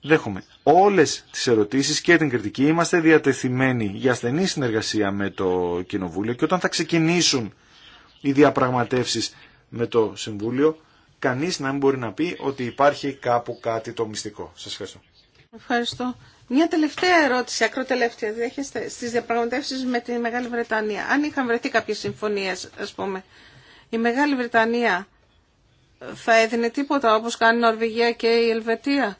δέχομαι όλες τις ερωτήσεις και την κριτική. Είμαστε διατεθειμένοι για στενή συνεργασία με το Κοινοβούλιο και όταν θα ξεκινήσουν οι διαπραγματεύσεις με το Συμβούλιο, κανείς να μην μπορεί να πει ότι υπάρχει κάπου κάτι το μυστικό. Σας ευχαριστώ. Ευχαριστώ. Μια τελευταία ερώτηση, ακροτελευταία, δέχεστε στις διαπραγματεύσεις με τη Μεγάλη Βρετανία. Αν είχαν βρεθεί κάποιες συμφωνίες, ας πούμε, η Μεγάλη Βρετανία θα έδινε τίποτα όπως κάνει η Νορβηγία και η Ελβετία.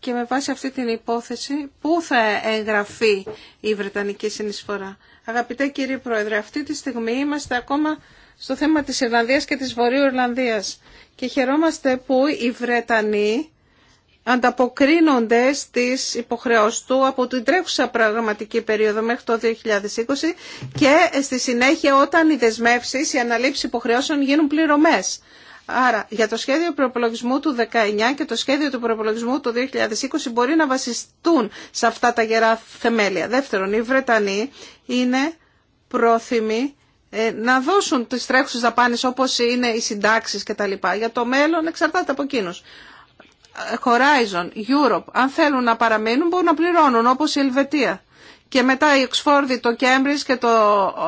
Και με βάση αυτή την υπόθεση, πού θα εγγραφεί η Βρετανική συνεισφορά. Αγαπητέ κύριε Πρόεδρε, αυτή τη στιγμή είμαστε ακόμα στο θέμα της Ιρλανδίας και της Βορείου Ιρλανδίας. Και χαιρόμαστε που οι Βρετανοί ανταποκρίνονται στις υποχρεώσεις του από την τρέχουσα πραγματική περίοδο μέχρι το 2020 και στη συνέχεια όταν οι δεσμεύσεις, οι αναλήψεις υποχρεώσεων γίνουν πληρωμές. Άρα για το σχέδιο προπολογισμού του 19 και το σχέδιο του προπολογισμού του 2020 μπορεί να βασιστούν σε αυτά τα γερά θεμέλια. Δεύτερον, οι Βρετανοί είναι πρόθυμοι ε, να δώσουν τις τρέχουσες δαπάνες όπως είναι οι συντάξεις κτλ. Για το μέλλον εξαρτάται από εκείνους. Horizon, Europe, αν θέλουν να παραμείνουν μπορούν να πληρώνουν όπως η Ελβετία. Και μετά η Οξφόρδη, το Κέμπρις και το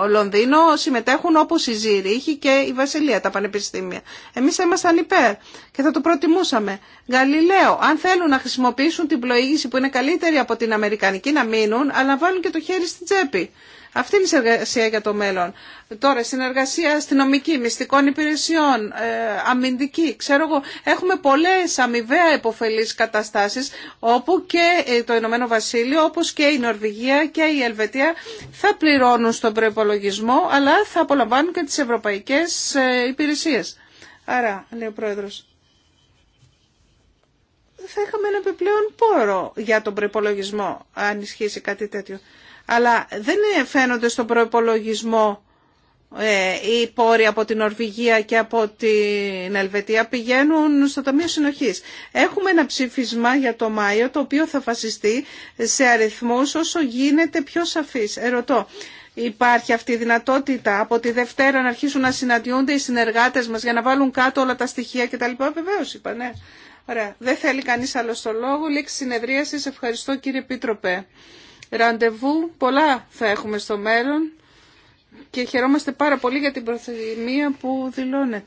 Λονδίνο συμμετέχουν όπως η Ζήριχη και η Βασιλεία, τα πανεπιστήμια. Εμείς ήμασταν υπέρ και θα το προτιμούσαμε. Γαλιλαίο, αν θέλουν να χρησιμοποιήσουν την πλοήγηση που είναι καλύτερη από την Αμερικανική να μείνουν, αλλά να βάλουν και το χέρι στην τσέπη. Αυτή είναι η συνεργασία για το μέλλον. Τώρα, συνεργασία αστυνομική, μυστικών υπηρεσιών, ε, αμυντική. Ξέρω εγώ, έχουμε πολλές αμοιβαία υποφελεί καταστάσεις όπου και ε, το Ηνωμένο Βασίλειο, όπως και η Νορβηγία και η Ελβετία θα πληρώνουν στον προπολογισμό, αλλά θα απολαμβάνουν και τις ευρωπαϊκές ε, υπηρεσίες. Άρα, λέει ο Πρόεδρος, θα είχαμε ένα επιπλέον πόρο για τον προπολογισμό, αν ισχύσει κάτι τέτοιο αλλά δεν φαίνονται στον προπολογισμό ε, οι πόροι από την Ορβηγία και από την Ελβετία πηγαίνουν στο Ταμείο Συνοχής. Έχουμε ένα ψήφισμα για το Μάιο το οποίο θα φασιστεί σε αριθμούς όσο γίνεται πιο σαφής. Ερωτώ, υπάρχει αυτή η δυνατότητα από τη Δευτέρα να αρχίσουν να συναντιούνται οι συνεργάτες μας για να βάλουν κάτω όλα τα στοιχεία κτλ. Βεβαίως είπα, ναι. Ωραία. Δεν θέλει κανείς άλλο το λόγο. Λήξη συνεδρίασης. Ευχαριστώ κύριε Πίτροπε ραντεβού πολλά θα έχουμε στο μέλλον και χαιρόμαστε πάρα πολύ για την προθεσμία που δηλώνεται.